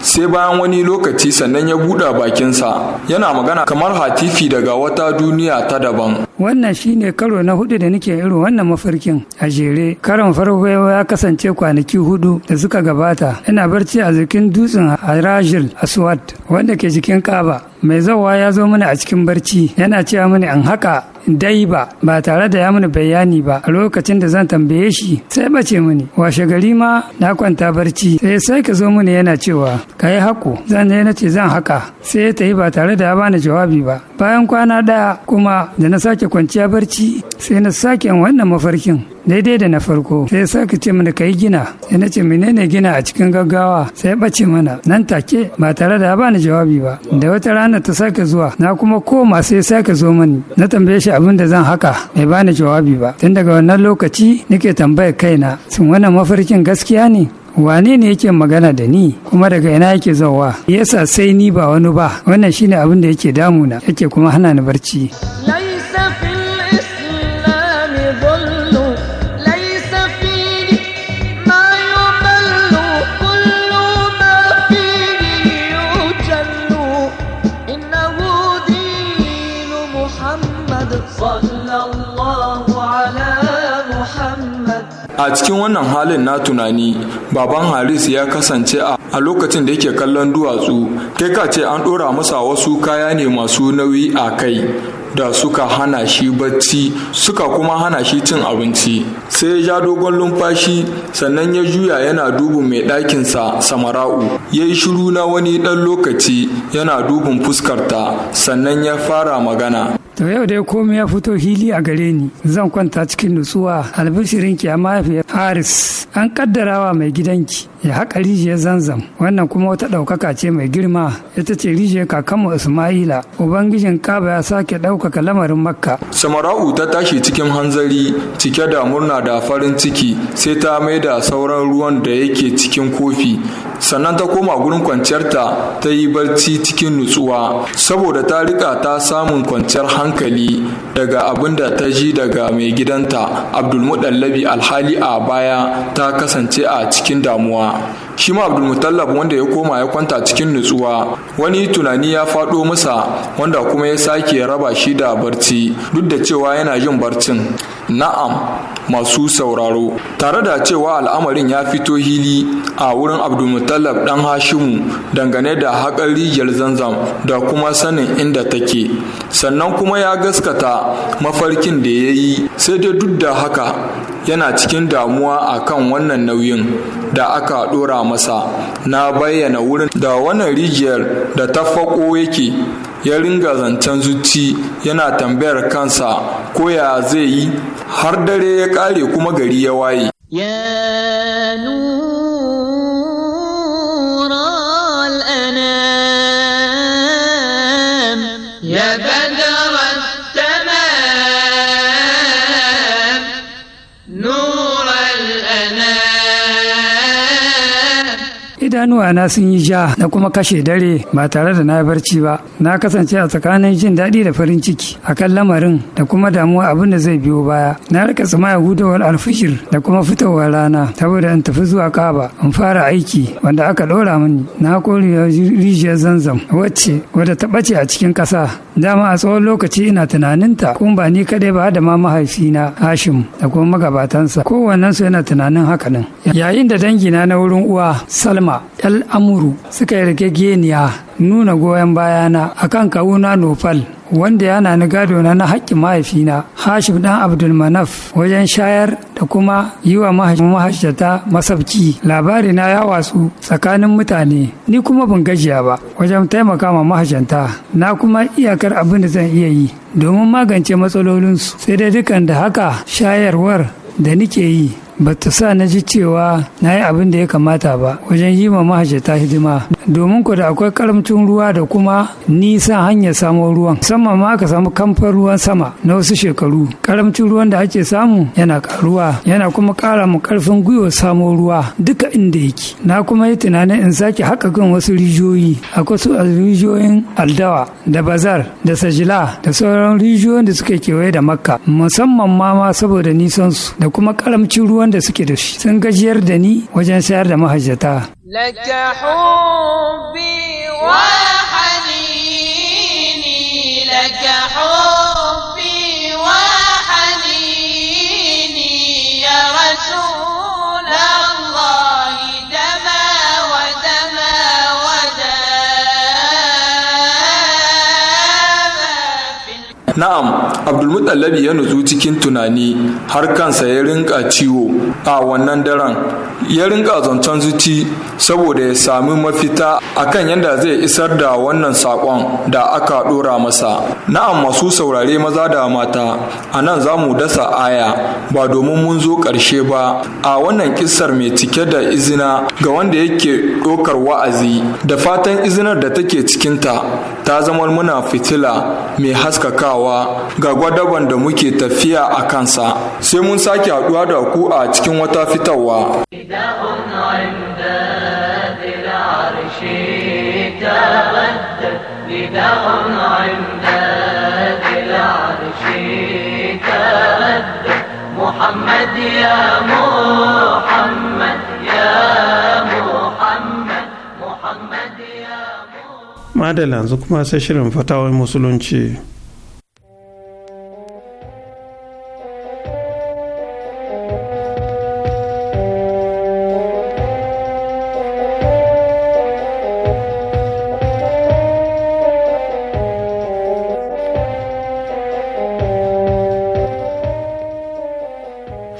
sai bayan wani lokaci sannan ya buɗe bakinsa yana magana kamar hatifi daga wata duniya ta daban wannan shine karo na hudu da nake irin wannan mafarkin a jere karon farko ya kasance kwanaki hudu da suka gabata ina barci a jikin dutsen harajil aswad wanda ke jikin kaba mai zawa ya zo mana a cikin barci yana cewa mani an haka dai ba ba tare da ya mani bayani ba a lokacin da zan tambaye shi sai bace mani washe gari ma na kwanta barci sai sai ka zo mani yana cewa ka yi hako zan je na ce zan haka sai ya tafi ba tare da ya bani jawabi ba bayan kwana daya kuma da na sake kwanciya barci sai na sake wannan mafarkin daidai da na farko sai sa ka ce mana kai gina sai na ce menene gina a cikin gaggawa sai bace mana nan take ba tare da ba ni jawabi ba da wata rana ta sake zuwa na kuma koma sai sake zo mani na tambaye shi abin da zan haka bai bani jawabi ba tun daga wannan lokaci nake tambayar kaina Sun wannan mafarkin gaskiya ne wane ne yake magana da ni kuma daga ina yake zauwa yasa sai ni ba wani ba wannan shine abin da yake damuna yake kuma hana ni barci a cikin wannan halin na tunani baban haris ya kasance a lokacin da yake kallon duwatsu kai ka ce an ɗora masa wasu kaya ne masu nauyi a kai da suka hana shi bacci suka kuma hana shi cin abinci sai ya ja dogon lumfashi sannan ya juya yana dubin mai ɗakinsa samara'u ya yi shiru na wani ɗan lokaci yana dubin fuskarta sannan ya fara magana To yau dai komai ya fito hili a gare ni zan kwanta cikin nutsuwa albishirin ki a mahaifiyar Haris an kaddarawa mai gidanki ya haƙa rijiyar zanzam wannan kuma wata ɗaukaka ce mai girma ita ce rijiyar kakanmu Ismaila ubangijin Kaba ya sake ɗaukaka lamarin Makka. Samara'u ta tashi cikin hanzari cike da murna da farin ciki sai ta mai da sauran ruwan da yake cikin kofi sannan ta koma gurin kwanciyarta ta yi barci cikin nutsuwa saboda ta rika ta samun kwanciyar hankali hankali daga abin da ta ji daga mai gidanta abdulmuɗallabi alhali a baya ta kasance a cikin damuwa shi ma abdulmutallab wanda ya koma ya kwanta cikin nutsuwa wani tunani ya faɗo masa wanda kuma ya sake raba shi da barci duk da cewa yana jin barcin na'am masu sauraro tare da cewa al'amarin ya fito hili a wurin abdulmutallab dan hashimu dangane da haƙar rijiyar zanzam da kuma sanin inda take sannan kuma ya gaskata mafarkin da ya yi sai dai duk da haka yana cikin damuwa a kan wannan nauyin da aka ɗora masa na bayyana wurin da wannan rijiyar da ta faƙo yake ya ringa zancen zuci yana tambayar kansa ko ya zai yi har dare ya ƙare kuma gari ya waye. idanuwa na sun yi ja na kuma kashe dare ba tare da na barci ba na kasance a tsakanin jin daɗi da farin ciki akan lamarin da kuma damuwa abin da zai biyo baya na rika tsama guduwar alfishir da kuma fitowar rana saboda in tafi zuwa kaba in fara aiki wanda aka ɗora mini na kori rijiyar zanzam wacce wadda ta ɓace a cikin ƙasa dama a tsawon lokaci ina tunaninta kuma ba ni kadai ba da ma mahaifina hashim da kuma magabatansa kowannensu yana tunanin haka nan. yayin da dangina na wurin uwa salma al'amuru suka geniya. nuna goyon bayana akan kawuna nofal wanda yana na gado na na haƙƙi mahaifina hashim dan abdulmanaf wajen shayar da kuma yi wa mahajjata masabci labari na ya wasu tsakanin mutane ni kuma ban gajiya ba wajen taimaka ma mahajjanta na kuma iyakar abin da zan iya yi domin magance matsalolinsu sai dai dukan da haka shayarwar da nike yi ba ta sa na ji cewa na yi abin da ya kamata ba wajen yi ma mahajjata hidima domin ku da akwai karamcin ruwa da kuma nisan hanyar samo ruwan musamman ma ka samu kamfan ruwan sama na wasu shekaru karamcin ruwan da ake samu yana karuwa yana kuma kara mu karfin gwiwa samo ruwa duka inda yake na kuma yi tunanin in sake haka kan wasu rijiyoyi akwai su rijiyoyin aldawa da bazar da sajila da sauran rijiyoyin da suke kewaye da makka musamman ma ma saboda nisan su da kuma karamcin ruwan daman da suke da shi sun gajiyar da ni wajen sayar da mahajjata laka hubbi wa hanini laka hubbi wa hanini ya rasulullah Na'am, abdulmutallabi ya nutsu cikin tunani har kansa ya rinka ciwo a wannan daren ya rinka zancen zuci saboda ya sami mafita akan yadda zai isar da wannan saƙon da aka ɗora masa. Na'am masu saurare maza da mata, a nan za mu dasa aya ba domin mun zo ƙarshe ba a wannan kisar mai cike da izina ga wanda yake ɗaukar wa'azi da fatan izinar da take cikinta ta zama muna fitila mai haskakawa ga gwadaban da muke tafiya a kansa sai mun sake haɗuwa da ku a cikin wata fitarwa. إذا ردت نداء عند ذي العرش تردد محمد يا محمد يا محمد محمد يا محمد madalla yanzu kuma sai shirin fatawar musulunci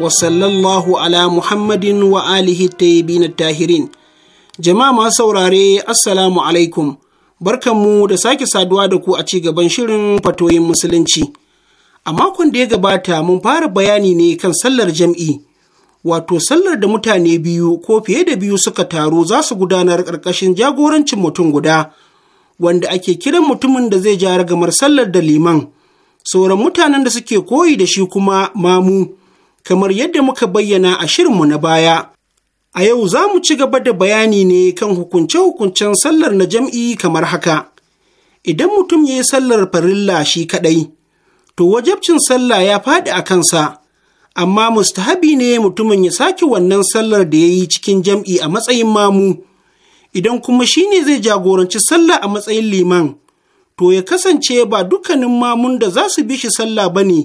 وصلى الله على محمد وآله الطيبين الطاهرين jama'a masu saurare assalamu alaikum mu da sake saduwa da ku a ci gaban shirin fatoyin musulunci a makon da ya gabata mun fara bayani ne kan sallar jam'i wato sallar da mutane biyu ko fiye da biyu suka taru za su gudanar ƙarƙashin jagorancin mutum guda wanda ake kiran mutumin da zai ja ragamar sallar da liman sauran mutanen da suke koyi da shi kuma mamu kamar yadda muka bayyana a shirinmu na baya. A yau za mu ci gaba da bayani ne kan hukunce-hukuncen sallar na jam'i kamar haka. Idan mutum ya yi sallar farilla shi kaɗai, to wajabcin sallah ya faɗi a kansa, amma mustahabi ne mutumin ya sake wannan sallar da ya yi cikin jam'i a matsayin mamu. Idan kuma shi ne zai jagoranci sallah a matsayin liman, to ya kasance ba dukkanin mamun da za su bi shi sallah ba ne.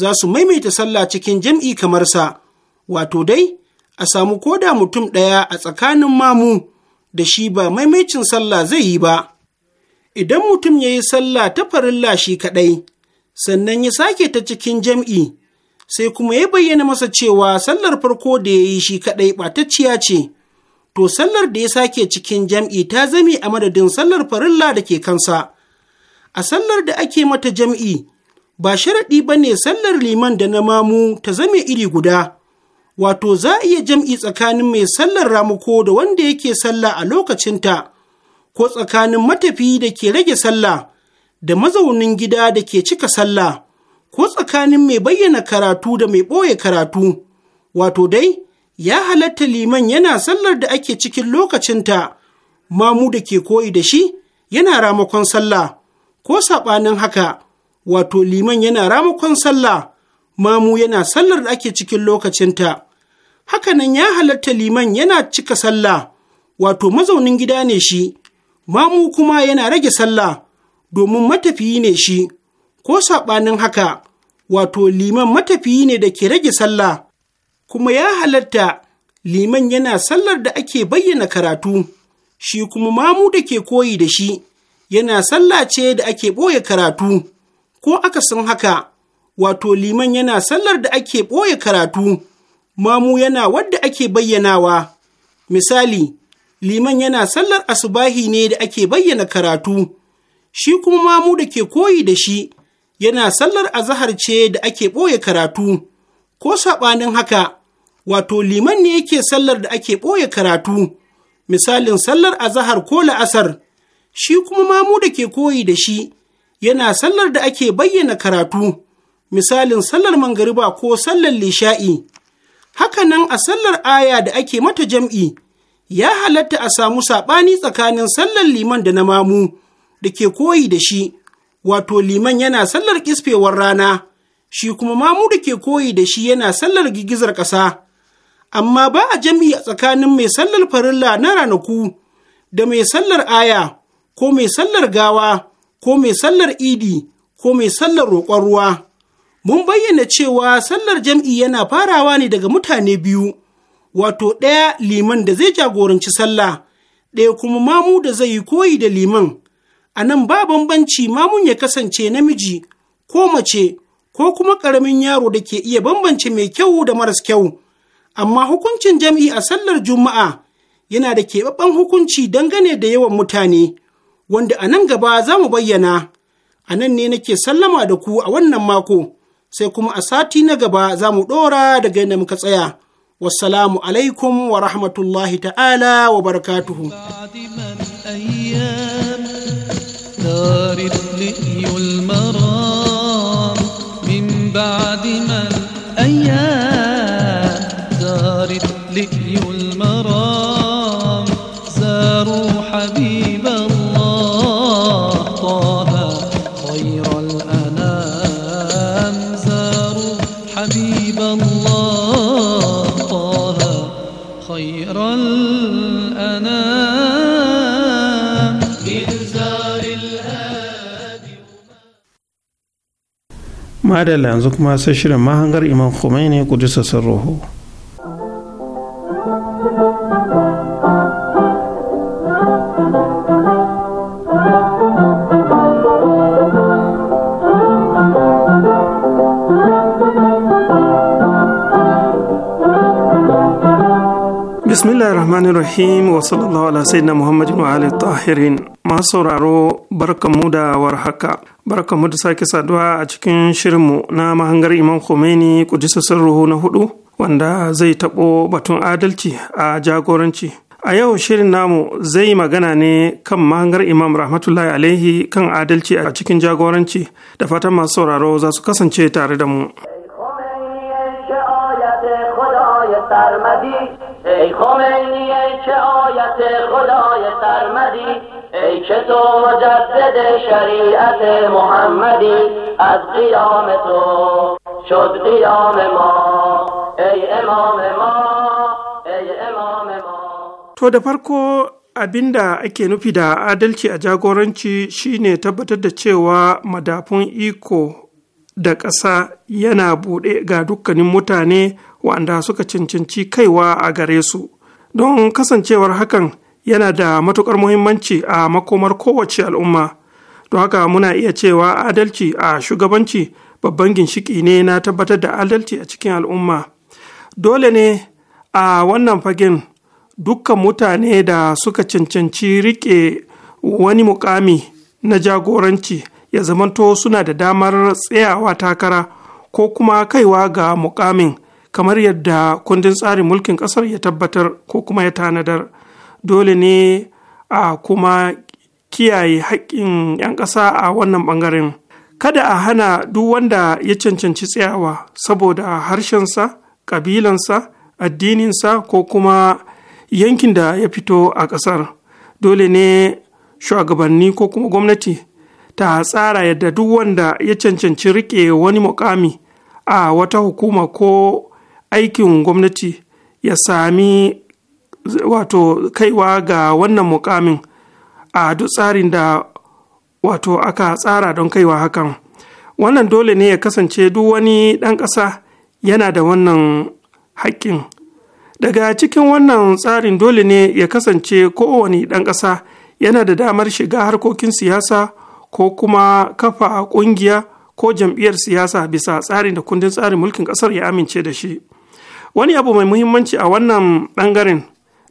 za su maimaita sallah cikin jam'i kamar sa, wato dai, a samu koda mutum ɗaya a tsakanin mamu da shi ba maimaicin sallah zai yi ba. Idan mutum ya yi sallah ta farilla shi kaɗai, sannan ya sake ta cikin jam'i, sai kuma ya bayyana masa cewa sallar farko da ya yi shi kaɗai ɓatacciya ce, to sallar da ya sake cikin jam'i ta zame a madadin sallar farilla da ke kansa. A sallar da ake mata jam'i, ba sharaɗi ba ne sallar liman da na mamu ta zame iri guda, wato za a iya jam'i tsakanin mai sallar ramuko da wanda yake sallah a lokacinta, ko tsakanin matafi da ke rage sallah, da mazaunin gida da ke cika sallah, ko tsakanin mai bayyana karatu da mai ɓoye karatu, wato dai ya halatta liman yana sallar da ake cikin lokacinta, mamu da ke koyi da shi yana ramakon sallah, ko saɓanin haka. wato liman yana ramakon sallah mamu yana sallar da ake cikin lokacinta hakanan ya halatta liman yana cika sallah wato mazaunin gida ne shi mamu kuma yana rage sallah domin matafiyi ne shi ko saɓanin haka wato liman matafiyi ne da ke rage sallah kuma ya halatta liman yana sallar da ake bayyana karatu shi kuma mamu da ke koyi da shi yana sallah ce da ake ɓoye karatu ko aka san haka, wato liman yana sallar da ake ɓoye karatu, mamu yana wadda ake bayyanawa. Misali, liman yana sallar asubahi ne da ake bayyana karatu, shi kuma mamu da ke koyi da shi yana sallar azahar ce da ake ɓoye karatu, ko saɓanin haka, wato liman ne yake sallar da ake ɓoye karatu, misalin sallar azahar ko la'asar, shi kuma mamu da ke koyi da shi yana sallar da ake bayyana karatu, misalin sallar mangariba ko sallar lisha'i. Hakanan a sallar aya da ake mata jam'i, ya halatta a samu saɓani tsakanin sallar liman da na mamu da ke koyi da shi, wato liman yana sallar ƙisfewar rana, shi kuma mamu da ke koyi da shi yana sallar gigizar ƙasa. Amma ba a jam'i a tsakanin mai sallar farilla na ranaku da mai sallar aya ko mai sallar gawa. ko mai sallar idi ko mai sallar roƙon ruwa. Mun bayyana cewa sallar jam'i yana farawa ne daga mutane biyu, wato ɗaya liman da zai jagoranci sallah, ɗaya kuma mamu da zai yi koyi da liman. A nan ba bambanci mamun ya kasance namiji ko mace ko kuma ƙaramin yaro da ke iya bambance mai kyau da maras kyau. Amma hukuncin jam'i a sallar Juma'a yana da keɓaɓɓen hukunci dangane da yawan mutane. wanda a nan gaba za mu bayyana. A nan ne nake sallama da ku a wannan mako, sai kuma a sati na gaba za mu ɗora daga yadda muka tsaya. Wassalamu alaikum wa rahmatullahi ta'ala wa barakatuhu. madalla yanzu kuma sai shirin mahangar iman khomeini kudisa sarroho bismillahir rahmanir rahim wa sallallahu ala sayyidina muhammadin wa alihi tahirin masu sauraro barkanmu da warhaka barkanmu da sake saduwa a cikin shirinmu na mahangar imam khomeini kudisa sirruhu na hudu wanda zai taɓo batun adalci a jagoranci a yau shirin namu zai magana ne kan mahangar imam rahmatullahi alaihi kan adalci a cikin jagoranci da fatan masu sauraro za su kasance tare da mu ای خمینی که آیت خدای سرمدی ای که تو مجدد شریعت محمدی از قیام تو شد قیام ما ای امام ما ای امام ما تو da farko da ake nufi da adalci a jagoranci shine tabbatar da cewa madafun iko da ƙasa yana buɗe ga dukkanin mutane waɗanda suka cancanci kaiwa a gare su don kasancewar hakan yana da matuƙar muhimmanci a makomar kowace al'umma don haka muna iya cewa adalci a shugabanci babban ginshiki ne na tabbatar da adalci a cikin al'umma dole ne a wannan fagen dukkan mutane da suka cancanci riƙe wani mukami na jagoranci ya zamanto suna da damar tsayawa takara ko kuma kaiwa ga mukamin kamar yadda kundin tsarin mulkin ƙasar ya tabbatar ko kuma ya tanadar dole ne a kuma kiyaye haƙƙin 'yan ƙasa a wannan ɓangaren kada a hana duk wanda ya cancanci tsayawa saboda harshensa ƙabilansa addininsa ko kuma yankin da ya fito a ƙasar dole ne shugabanni ko kuma gwamnati ta tsara yadda duk wanda ya cancanci riƙe wani mukami a wata hukuma ko aikin gwamnati ya sami wato kaiwa ga wannan mukamin a duk tsarin da wato aka tsara don kaiwa hakan wannan dole ne ya kasance duk wani ɗan ƙasa yana da wannan haƙƙin daga cikin wannan tsarin dole ne ya kasance kowane ɗan ƙasa yana da damar shiga harkokin siyasa ko kuma kafa ƙungiya ko jam'iyyar siyasa bisa tsarin da kundin tsarin mulkin ƙasar ya amince da shi wani abu mai muhimmanci a wannan ɓangaren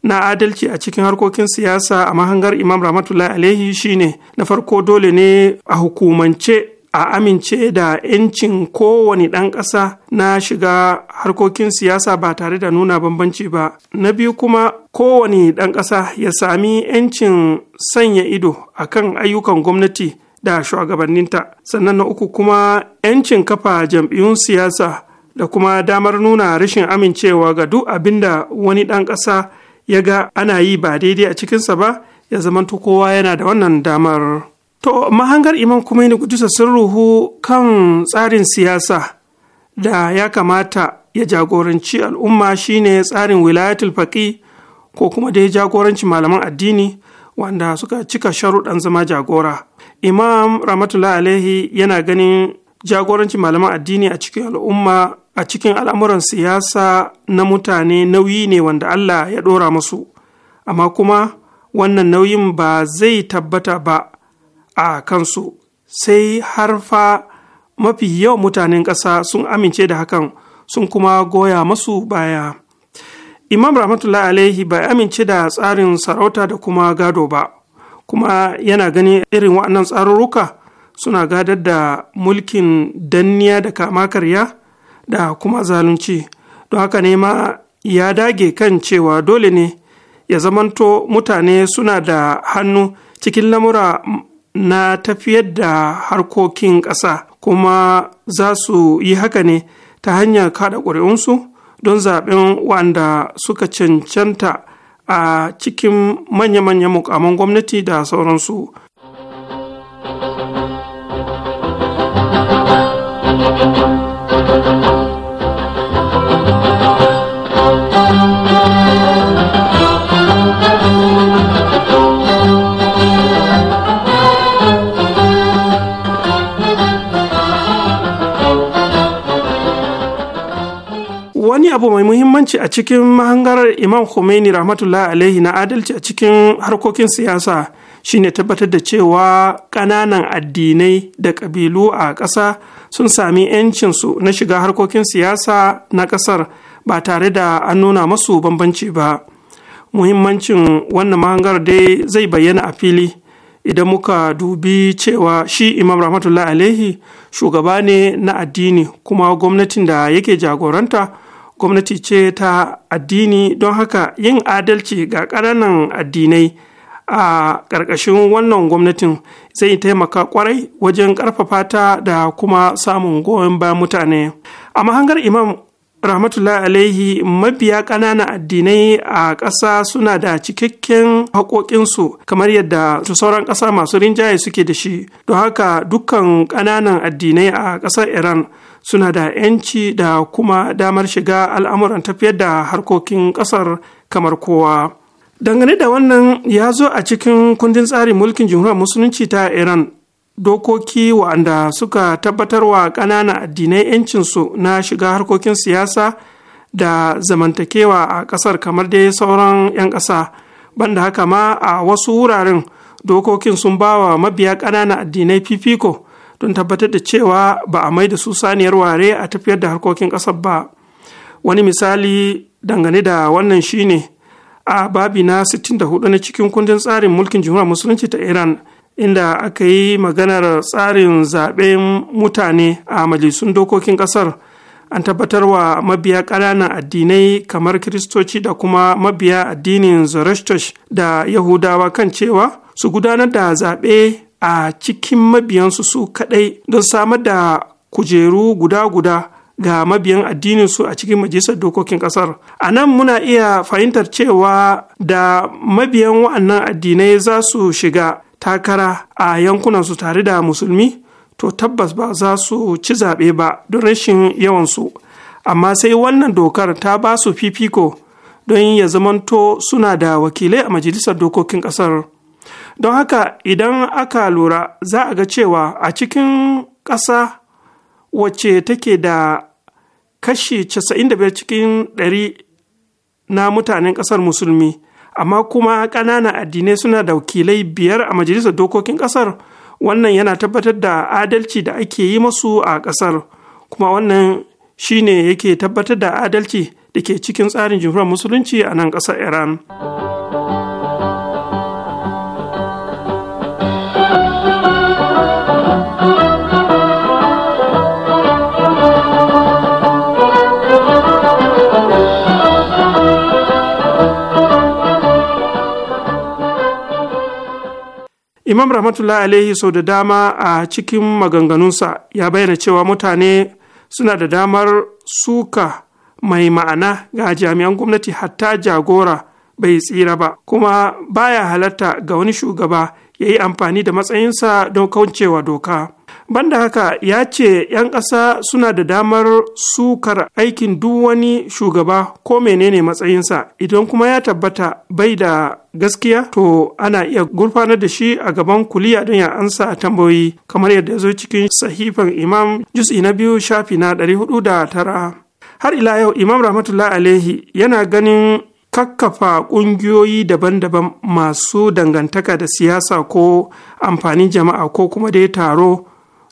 na adalci a cikin harkokin siyasa a mahangar imam rahmatullahi alaihi shine na farko dole ne a hukumance a amince da 'yancin kowane ɗan ƙasa na shiga harkokin siyasa ba tare da nuna bambanci ba. Na biyu kuma kowane ɗan ƙasa ya sami 'yancin sanya ido a kan ayyukan gwamnati da shugabanninta. Sannan na uku kuma 'yancin kafa jam'iyyun siyasa da kuma damar nuna rashin amincewa ga duk abinda wani ɗan ƙasa ya ga ana yi ba daidai a cikinsa ba ya zamanto kowa yana da wannan damar to mahangar imam kuma ne sun ruhu kan tsarin siyasa da ya kamata ya jagoranci al'umma shine tsarin wilayatul faƙi ko kuma dai jagoranci malaman addini wanda suka cika sharuɗan zama jagora imam rahmatullah alaihi yana ganin jagoranci malaman addini a cikin al'umma a cikin al'amuran siyasa na mutane nauyi ne wanda Allah ya ɗora musu, amma kuma wannan nauyin ba zai tabbata ba a kansu, sai har fa mafi yawan mutanen ƙasa sun amince da hakan sun kuma goya masu baya. Imam Rahmatullah Alaihi ba amince da tsarin sarauta da kuma gado ba, kuma yana ganin irin waɗannan tsarurruka suna gadar da mulkin danniya da kama karya. da kuma zalunci don haka ne ma ya dage kan cewa dole ne ya zamanto mutane suna da hannu cikin lamura na tafiyar da harkokin ƙasa kuma za su yi haka ne ta hanyar kada ƙuri'unsu don zaɓen wanda suka cancanta a cikin manya-manyan mukamman gwamnati da sauransu thank you wani abu mai muhimmanci a cikin mahangarar imam khomeini rahmatullahi alaihi na adalci a cikin harkokin siyasa shine tabbatar da cewa ƙananan addinai da ƙabilu a ƙasa sun sami 'yancinsu na shiga harkokin siyasa na ƙasar ba tare da an nuna masu bambanci ba muhimmancin wannan mahangar dai zai bayyana a fili idan muka dubi cewa shi imam rahmatullahi alaihi shugaba ne na addini kuma gwamnatin da yake jagoranta gwamnati ce ta addini don haka yin adalci ga ƙananan addinai a ƙarƙashin wannan gwamnatin zai taimaka kwarai wajen ƙarfafa ta da kuma samun goyon bayan mutane a mahangar imam rahmatullah alaihi mabiya ƙananan addinai a ƙasa suna da cikakken haƙoƙinsu kamar yadda su sauran ƙasa masu rinjaye suke da shi don haka dukkan ƙananan addinai a ƙasar iran suna da 'yanci da kuma damar shiga al'amuran tafiyar da harkokin ƙasar kamar kowa dangane da wannan ya zo a cikin kundin tsarin mulkin jihunan musulunci ta iran dokoki wa'anda suka tabbatar wa ƙananan addinai 'yancinsu na shiga harkokin siyasa da zamantakewa a ƙasar kamar dai sauran 'yan ƙasa banda haka ma a wasu wuraren dokokin sun ba wa mabiya ƙananan addinai fifiko don tabbatar da cewa ba a mai da su saniyar ware a tafiyar da harkokin ƙasar ba wani misali dangane da wannan shine a babi na 64 na cikin kundin tsarin mulkin jumhuriyar musulunci ta iran inda aka yi maganar tsarin zaɓen mutane a majalisun dokokin ƙasar an tabbatar wa mabiya ƙananan addinai kamar kiristoci da kuma mabiya addinin zoroastrian da yahudawa kan cewa su gudanar da zaɓe a cikin mabiyansu su kaɗai don samar da kujeru guda-guda ga mabiyan addininsu a cikin majalisar dokokin kasar a nan muna iya fahimtar cewa da mabiyan wa'annan addinai za su shiga takara a yankunansu tare da musulmi to tabbas ba za su ci zaɓe ba don rashin yawansu amma sai wannan dokar ta ba su fifiko don ya zamanto suna da wakilai a majalisar dokokin ƙasar don haka idan aka lura za a ga cewa a cikin ƙasa wacce take da kashi 95 cikin 100 na mutanen ƙasar musulmi amma kuma ƙananan addinai suna da wakilai biyar a majalisar dokokin ƙasar wannan yana tabbatar da adalci da ake yi masu a ƙasar kuma wannan shine yake tabbatar da adalci da ke cikin tsarin jimhuriyar musulunci a nan ƙasar iran. imam rahmatullah alaihi sau da dama a cikin maganganunsa ya bayyana cewa mutane suna da damar suka mai ma'ana ga jami'an gwamnati hatta jagora bai tsira ba kuma baya halatta ga wani shugaba ya yi amfani da matsayinsa don kaucewa doka banda haka ya ce 'yan ƙasa suna da damar sukar aikin duk wani shugaba ko menene matsayinsa idan kuma ya tabbata bai da gaskiya to ana iya gurfanar da shi a gaban kuliya don ya ansa tambayoyi kamar yadda ya zo cikin sahifan imam jus'i na biyu shafi na da tara. har ila yau imam rahmatullah alaihi yana ganin kakkafa ƙungiyoyi daban-daban masu dangantaka da siyasa ko amfanin jama'a ko kuma dai taro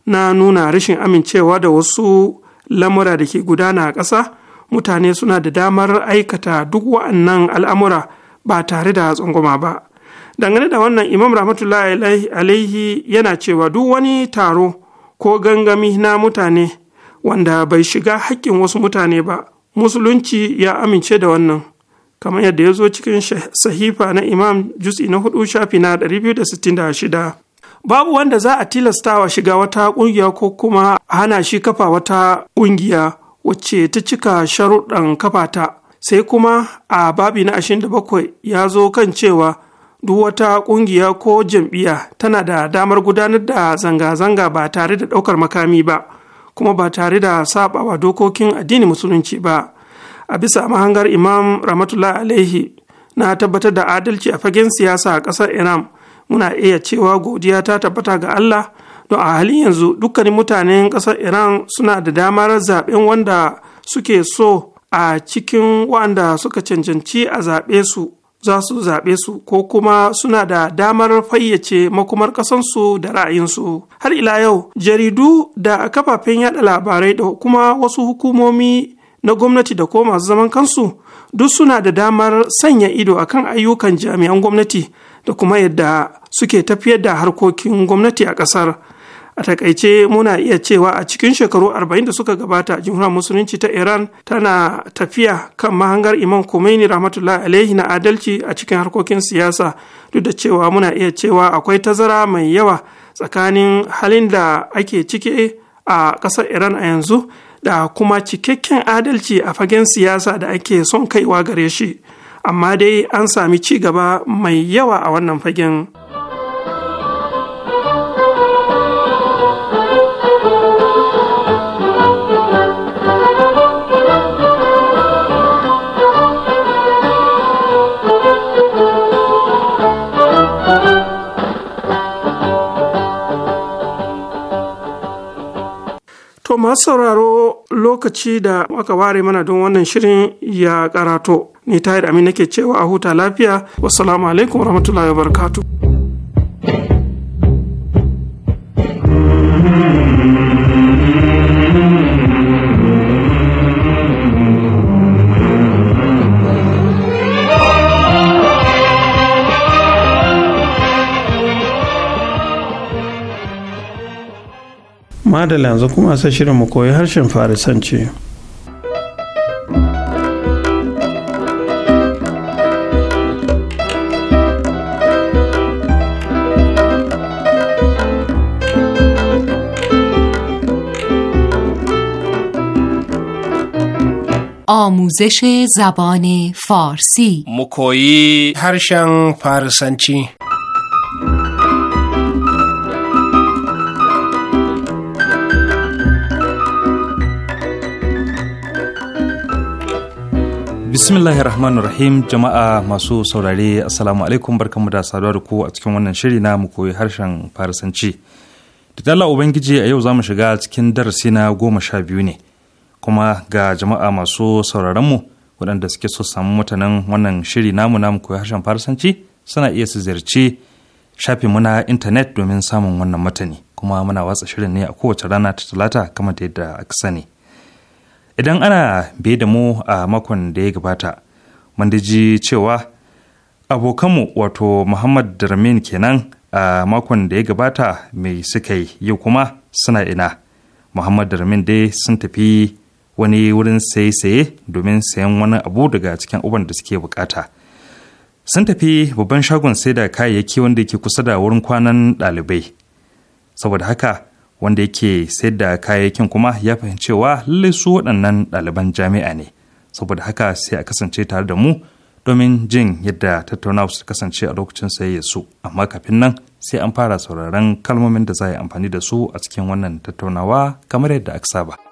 na nuna rashin amincewa da wasu lamura da ke gudana a ƙasa mutane suna da damar aikata duk wa'annan al'amura ba tare da tsangwama ba dangane da wannan imam rahmatullahi alaihi yana cewa duk wani taro ko gangami na mutane wanda bai shiga haƙƙin wasu mutane ba musulunci ya amince da wannan kamar yadda ya zo cikin sahifa na imam jus'i na hudu shafi na 266 babu wanda za a tilastawa shiga wata ƙungiya ko kuma hana shi kafa wata ƙungiya wacce ta cika sharuɗan kafa ta sai kuma a babi na bakwai ya zo kan cewa duk wata ƙungiya ko jam'iyya tana da damar gudanar da zanga-zanga ba tare da ɗaukar makami ba kuma ba tare da saɓawa dokokin addini musulunci ba a bisa mahangar imam rahmatullah alaihi na tabbatar da adalci a fagen siyasa a ƙasar iran muna iya cewa godiya ta tabbata ga Allah don a halin yanzu dukkanin mutanen ƙasar Iran suna da damar zaɓen wanda suke so a cikin wanda suka cancanci a zaɓe su za su zaɓe su ko kuma suna da damar fayyace makumar ƙasansu da ra'ayinsu har ila yau jaridu da kafafen yada labarai da kuma wasu hukumomi na gwamnati da ko masu zaman kansu duk suna da damar sanya ido akan ayyukan jami'an gwamnati da kuma yadda suke tafiyar da harkokin gwamnati a ƙasar a takaice muna iya cewa a cikin shekaru 40 da suka gabata jimhuriyar musulunci ta iran tana tafiya kan mahangar imam khomeini rahmatullahi alaihi na adalci a cikin harkokin siyasa duk da cewa muna iya cewa akwai tazara mai yawa tsakanin halin da ake cike a ƙasar iran a yanzu da kuma cikakken adalci a fagen siyasa da ake son kaiwa gare shi amma dai an sami ci gaba mai yawa a wannan fagen. To masu sauraro lokaci da aka ware mana don wannan shirin ya karato ni tahir amin nake cewa a huta lafiya wasalamu alaikum warahmatullahi wabarakatuh madala yanzu kuma sai shirin mu koyi harshen farisanci آموزش زبان فارسی مکویی هرشن فارسنچی bismillahir rahmanir rahim jama'a masu saurare assalamu alaikum barkamu da saduwa da ku a cikin wannan shiri na mu koyi harshen farisanci da dala ubangiji a yau za mu shiga cikin darasi na goma sha biyu ne kuma ga jama'a masu sauraron mu waɗanda suke so samu mutanen wannan shiri namu namu koyi harshen farsanci suna iya su ziyarci shafin muna intanet domin samun wannan matani kuma muna watsa shirin ne a kowace rana ta talata kamar da yadda aka sani idan ana bai da mu a makon da ya gabata mun ji cewa abokanmu wato muhammad darmin kenan a makon da ya gabata mai suka yi kuma suna ina muhammad darmin dai sun tafi wani wurin saye-saye domin sayan wani abu daga cikin uban da suke bukata sun tafi babban shagon sai da kayayyaki wanda yake kusa da wurin kwanan ɗalibai saboda haka wanda yake sayar da kayayyakin kuma ya fahimcewa lallai su waɗannan ɗaliban jami'a ne saboda haka sai a kasance tare da mu domin jin yadda tattaunawa su kasance a lokacin sayayya su amma kafin nan sai an fara sauraron kalmomin da za a yi amfani da su a cikin wannan tattaunawa kamar yadda aka saba.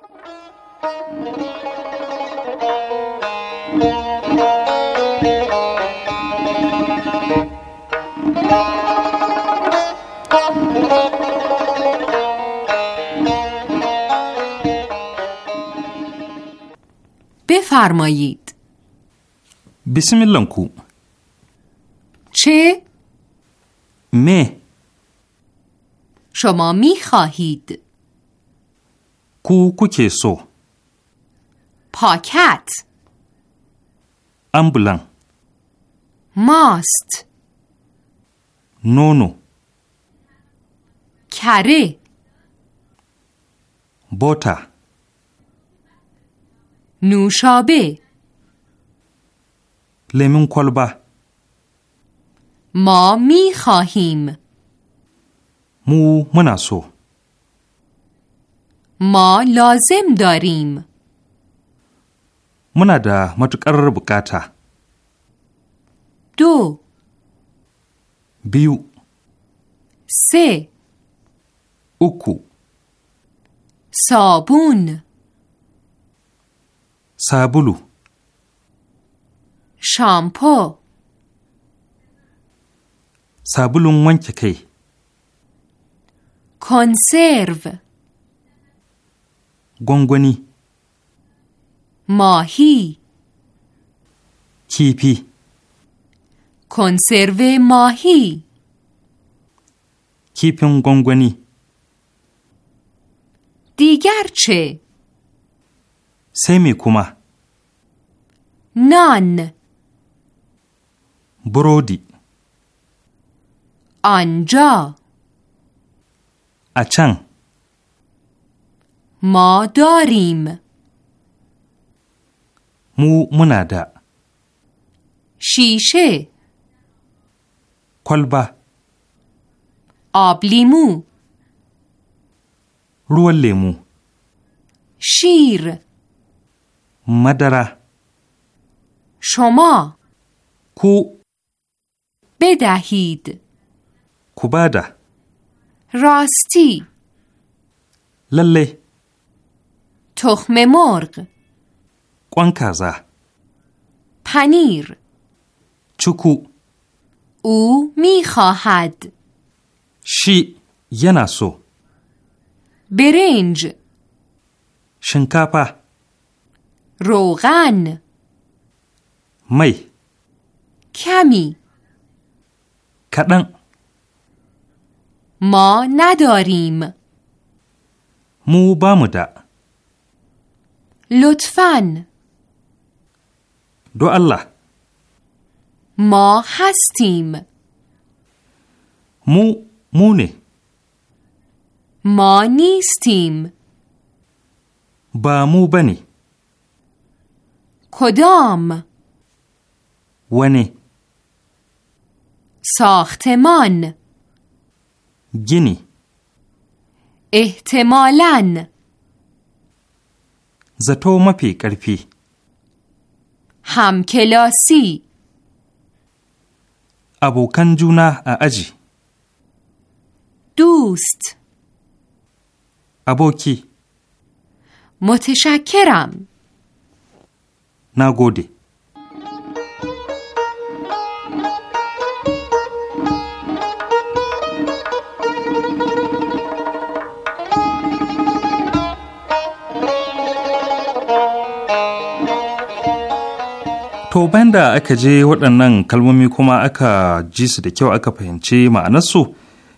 بفرمایید بسم الله کو چه؟ مه شما می خواهید کو کو کسو پاکت امبولان ماست نونو کره بوتا نوشابه لیمون کلبه ما می خواهیم مو مناسو ما لازم داریم منا دا متقرر بکاتا دو biyu se uku sabun sabulu shampo sabulun wanke kai conserve gwangwani mahi kifi کنسرو ماهی کیپین گونگونی دیگر چه سمی کما نان برودی آنجا اچن ما داریم مو منادا شیشه کلبه آب لیمو رول لیمو شیر مدره شما کو بدهید کوباده راستی لله تخم مرغ قوان پنیر چکو او میخواهد شی ینا سو برنج شنکاپا روغن می کمی کدن ما نداریم مو بامدا لطفاً دو الله ما هستیم مو مونه ما نیستیم با مو بنی کدام ونه ساختمان گینی احتمالاً زتو مپی کرپی همکلاسی abokan juna a aji. Dost aboki. Motashakiram. Na gode. To bayan da aka je waɗannan kalmomi kuma aka ji su da kyau aka fahimci ma'anarsu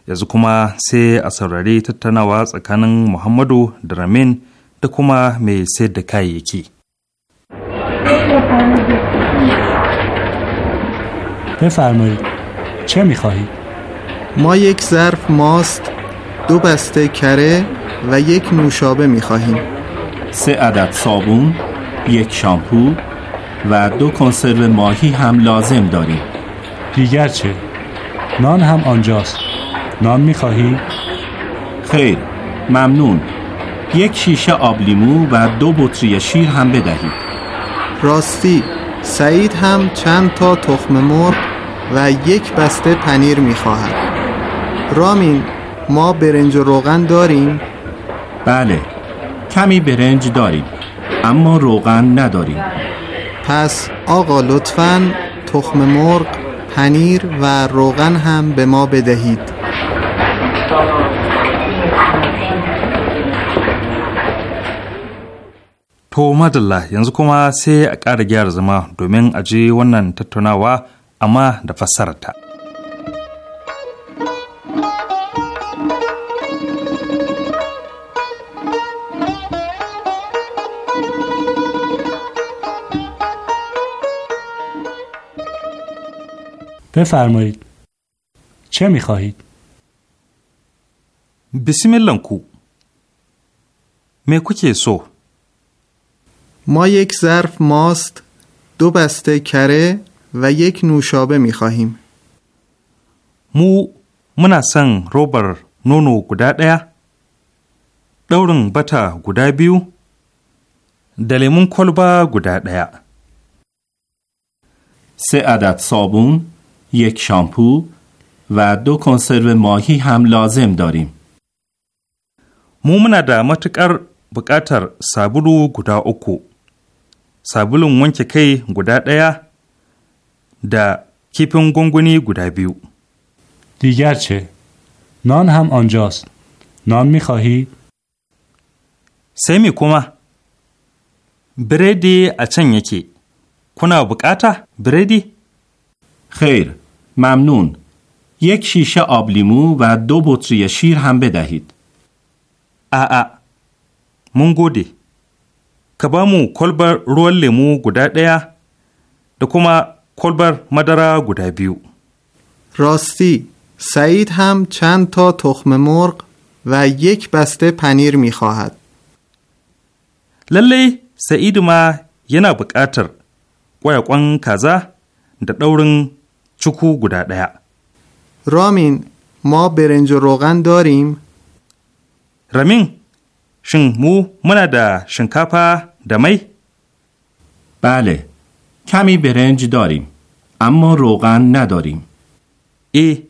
yanzu kuma sai a saurari tattaunawa tsakanin Muhammadu da Ramin da kuma mai sayar da kayayyaki. بفرمایید چه میخواهید؟ ما یک ظرف ماست دو بسته کره و یک نوشابه میخواهیم سه عدد صابون یک شامپو و دو کنسرو ماهی هم لازم داریم دیگر چه؟ نان هم آنجاست نان میخواهی؟ خیر ممنون یک شیشه آب لیمو و دو بطری شیر هم بدهید راستی سعید هم چند تا تخم مرغ و یک بسته پنیر میخواهد رامین ما برنج و روغن داریم؟ بله کمی برنج داریم اما روغن نداریم پس آقا لطفا تخم مرغ پنیر و روغن هم به ما بدهید To madalla yanzu kuma sai a ƙara gyara zama domin a je wannan tattaunawa amma da ta. بفرمایید چه می خواهید؟ بسم الله کو میکو سو ما یک ظرف ماست دو بسته کره و یک نوشابه می خواهیم مو سن روبر نونو گدا دیا دورن بتا گدا بیو دلیمون کلبا گدا سه عدد صابون یک شامپو و دو کنسرو ماهی هم لازم داریم. مومن دا متکر بکاتر سابلو گدا اکو. سابلو منچه کهی گدا دیا دا کیپن گنگونی گدا بیو. دیگر چه؟ نان هم آنجاست. نان میخواهی؟ سمی کما بردی اچن یکی کنا بکاتا بردی؟ خیر ممنون یک شیشه آب لیمو و دو بطری شیر هم بدهید ا mun من ka کبامو کلبر کلبر ruwan لیمو گودا ɗaya کلبر بیو. راستی سعید هم چند تا تخم مرغ و یک بسته پنیر می خواهد. للی سعید ما ینا بکاتر قوی کازا در دورن چکو گودا رامین ما برنج و روغن داریم؟ رامین شن مو منا دا شنکاپا دمی؟ بله کمی برنج داریم اما روغن نداریم ای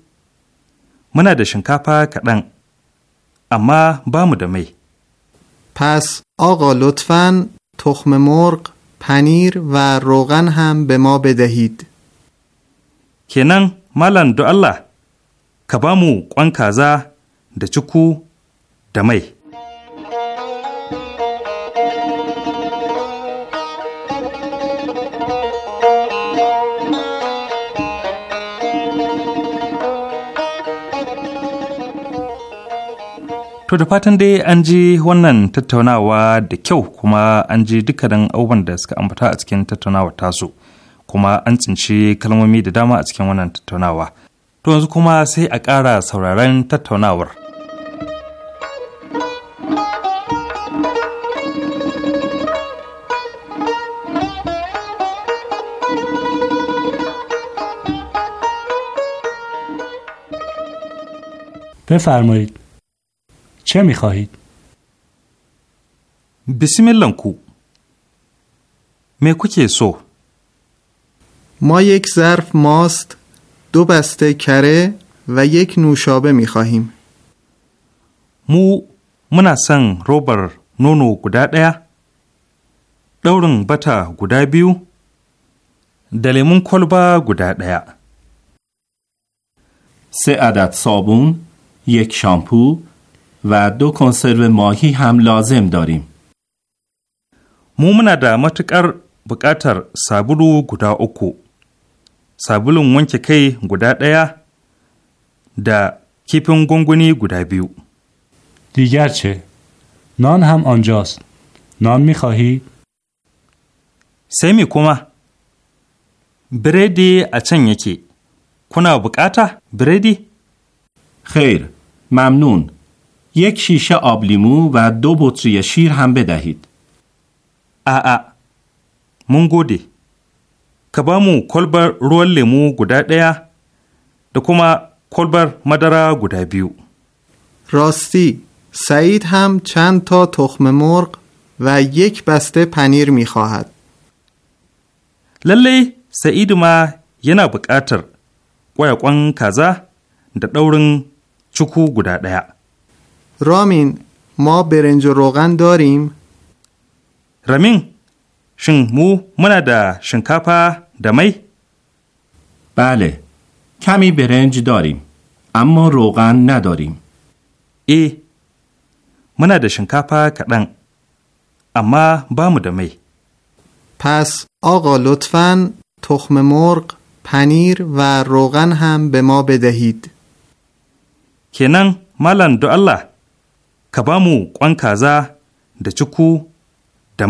منا دا شنکاپا کدن اما بامو می پس آقا لطفا تخم مرغ پنیر و روغن هم به ما بدهید kenan malam da Allah ka ba mu ƙwan kaza da ciku da mai To da fatan dai an ji wannan tattaunawa da kyau kuma an ji dukkanin abubuwan da suka ambata a cikin tattaunawar tasu. kuma an tsinci kalmomi da dama a cikin wannan tattaunawa. To yanzu kuma sai a ƙara sauraron tattaunawar. بفرمایید چه میخواهید؟ بسم الله کو میکو که سو ما یک ظرف ماست دو بسته کره و یک نوشابه می خواهیم مو سن روبر نونو گدا دیا دورن بتا گدا بیو دلیمون کلبا گدا دیا سه عدد صابون یک شامپو و دو کنسرو ماهی هم لازم داریم مو muna دا متکر buƙatar sabulu گدا sabulun wanke kai guda ɗaya da kifin gunguni guda biyu. Digar ce, non ham onjos, non mi khahi. Sai mi kuma, biredi a can yake, kuna bukata biredi? Khair, mamnun, yake shisha oblimu va dobotsu ya shir ham bedahid. A'a, mun gode. ka ba mu kwalbar ruwan lemu guda ɗaya da kuma kwalbar madara راستی سعید هم چند تا تخم مرغ و یک بسته پنیر می للی سعید ما ینا نبکاتر. قوی کازا در دورن چکو گودا رامین ما برنج و روغن داریم؟ رامین شن مو منا دا شنکاپا می بله کمی برنج داریم اما روغن نداریم ای منا دا شنکاپا کدن اما بامو می پس آقا لطفا تخم مرغ پنیر و روغن هم به ما بدهید کنن مالن دو الله کبامو قوان کازا da ciku da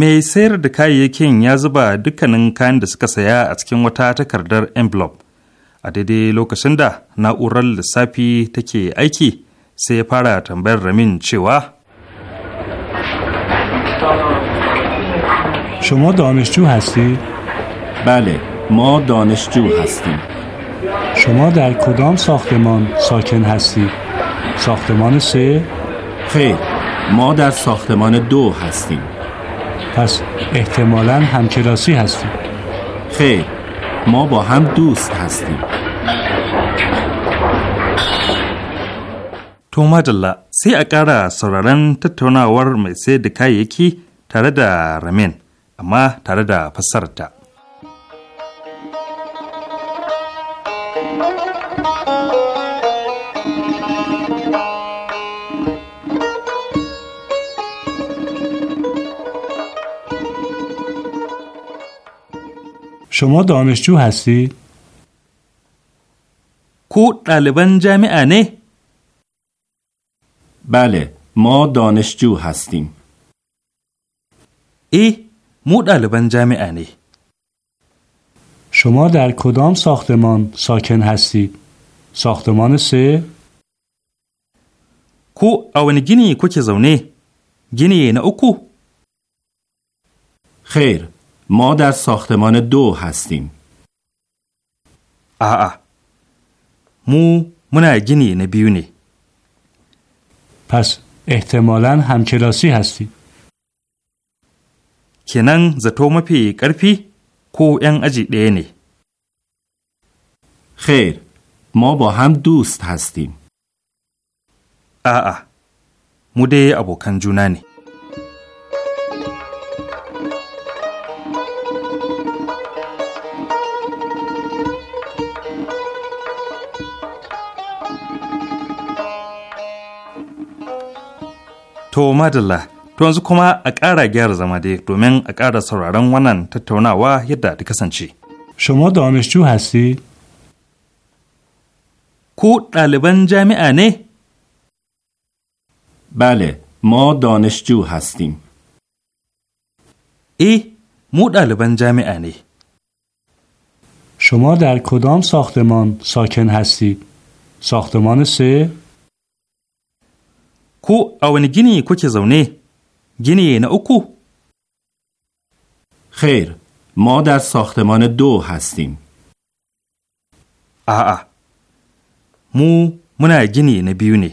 mai sayar da kayayyakin ya zuba dukkanin kayan da suka saya a cikin wata takardar envelope a daidai lokacin da na'urar lissafi take aiki sai ya fara tambayar ramin cewa شما دانشجو هستید؟ بله ما دانشجو هستیم شما در کدام ساختمان ساکن هستید؟ ساختمان سه؟ خیر ما در ساختمان دو هستیم پس احتمالا همکلاسی هستیم خیر ما با هم دوست هستیم تو مجلا سی اکارا سرارن تتوناور میسی دکایی یکی تارده رمین اما تارده پسرده شما دانشجو هستی؟ کو طالبان جامعه نه؟ بله ما دانشجو هستیم ای مو طالبان جامعه نه شما در کدام ساختمان ساکن هستید؟ ساختمان سه؟ کو اون گینی کو چه زونه گینی نه اوکو خیر ما در ساختمان دو هستیم. آه, آه. مو منا گینی نه پس احتمالا همکلاسی هستی. کنن زتو مپی کرفی کو این اجی خیر ما با هم دوست هستیم. آه, آه. مو ابو ابو تو اودله تو کم اگر اگر زمده من اگر از سرران مانن تا طور نووه یه در کشن چی ؟ شما دانشجو هستید کود علب جمع عه؟ بله ما دانشجو هستیم ای مدلب جمع عنی شما در کدام ساختمان ساکن هستید؟ ساختمان سه؟ کو او گینی کوکی زونه گینی نه اوکو خیر ما در ساختمان دو هستیم آه مو منع گینی نه بیونه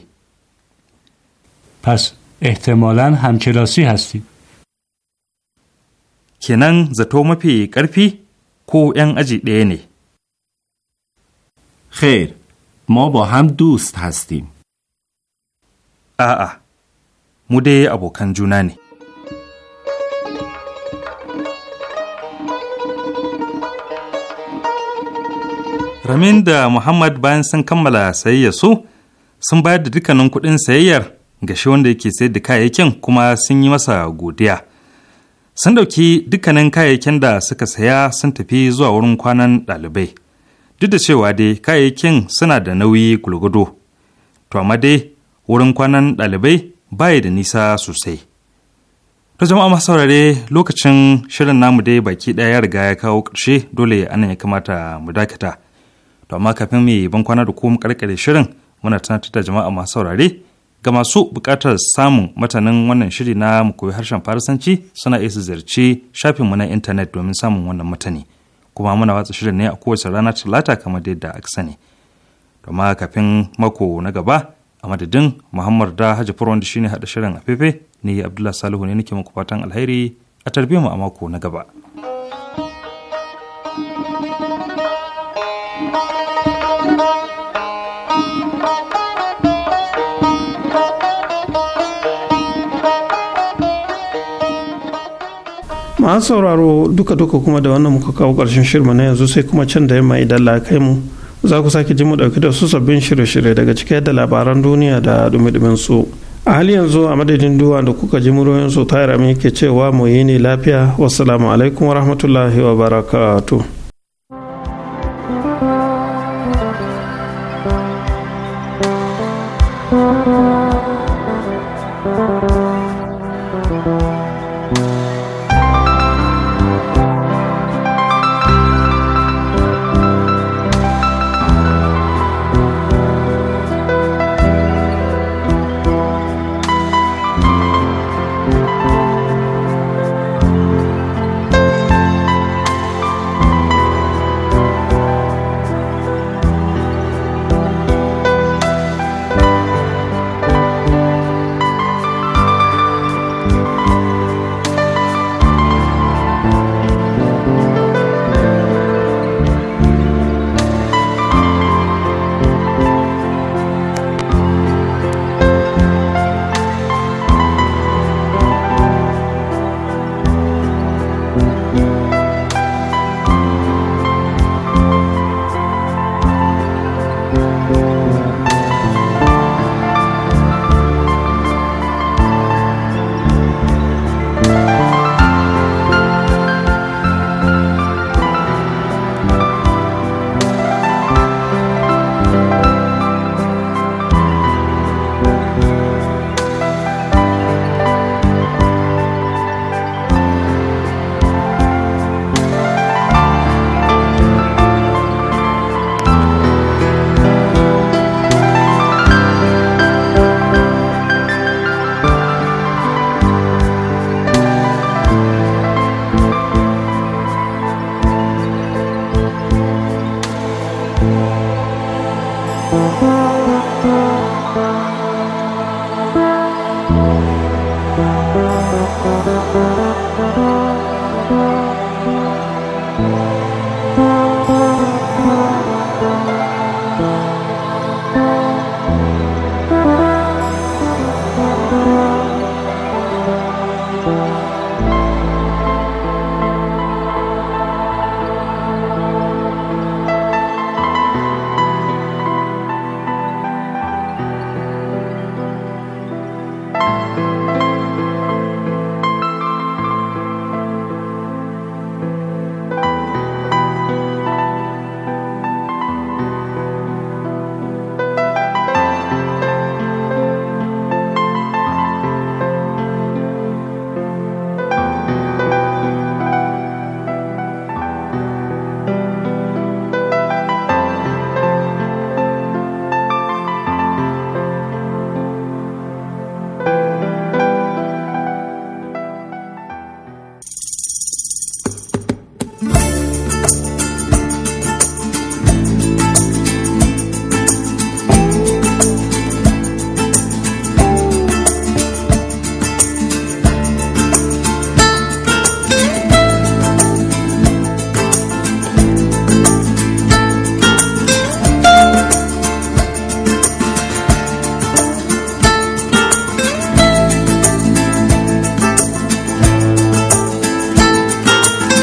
پس احتمالا همکلاسی هستیم کنن زتو مپی کرپی کو این اجی خیر ما با هم دوست هستیم a'a mu dai abokan juna ne Ramin da Muhammad bayan sun kammala sayayya su sun bayar da dukkanin kuɗin sayayyar ga wanda yake sayar da kayayyakin kuma sun yi masa godiya. Sun ɗauki dukkanin kayayyakin da suka saya sun tafi zuwa wurin kwanan ɗalibai. Duk da cewa dai kayayyakin suna da nauyi gulgudo. To amma dai wurin kwanan ɗalibai baya da nisa sosai. Ta jama'a masu saurare lokacin shirin namu dai baki ɗaya ya riga ya kawo ƙarshe dole anan ya kamata mu dakata. To amma kafin mu yi ban kwana da kuma karkare shirin muna tunatar da jama'a masu saurare ga masu buƙatar samun matanin wannan shiri na mu koyi harshen Farisanci suna iya su ziyarci shafin mu na intanet domin samun wannan matani. Kuma muna watsa shirin ne a kowace rana talata kamar yadda aka sani. To kafin mako na gaba a madadin muhammad da hajji furo wanda shine haɗa shirin a fefe ne abdullahi salihu ne nake muku fatan alheri a tarbiyyar mu a mako na gaba. masu sauraro duka-duka kuma da wannan muka kawo ƙarshen shirma na yanzu sai kuma can da yamma idan la kai mu za ku sake ji mu dauki da su sabbin shirye-shirye daga cike da labaran duniya da dumi su a hali yanzu a madadin duwa da kuka ji muryoyin su tayar ke cewa mu yi ne lafiya wasu alaikum wa barakatuh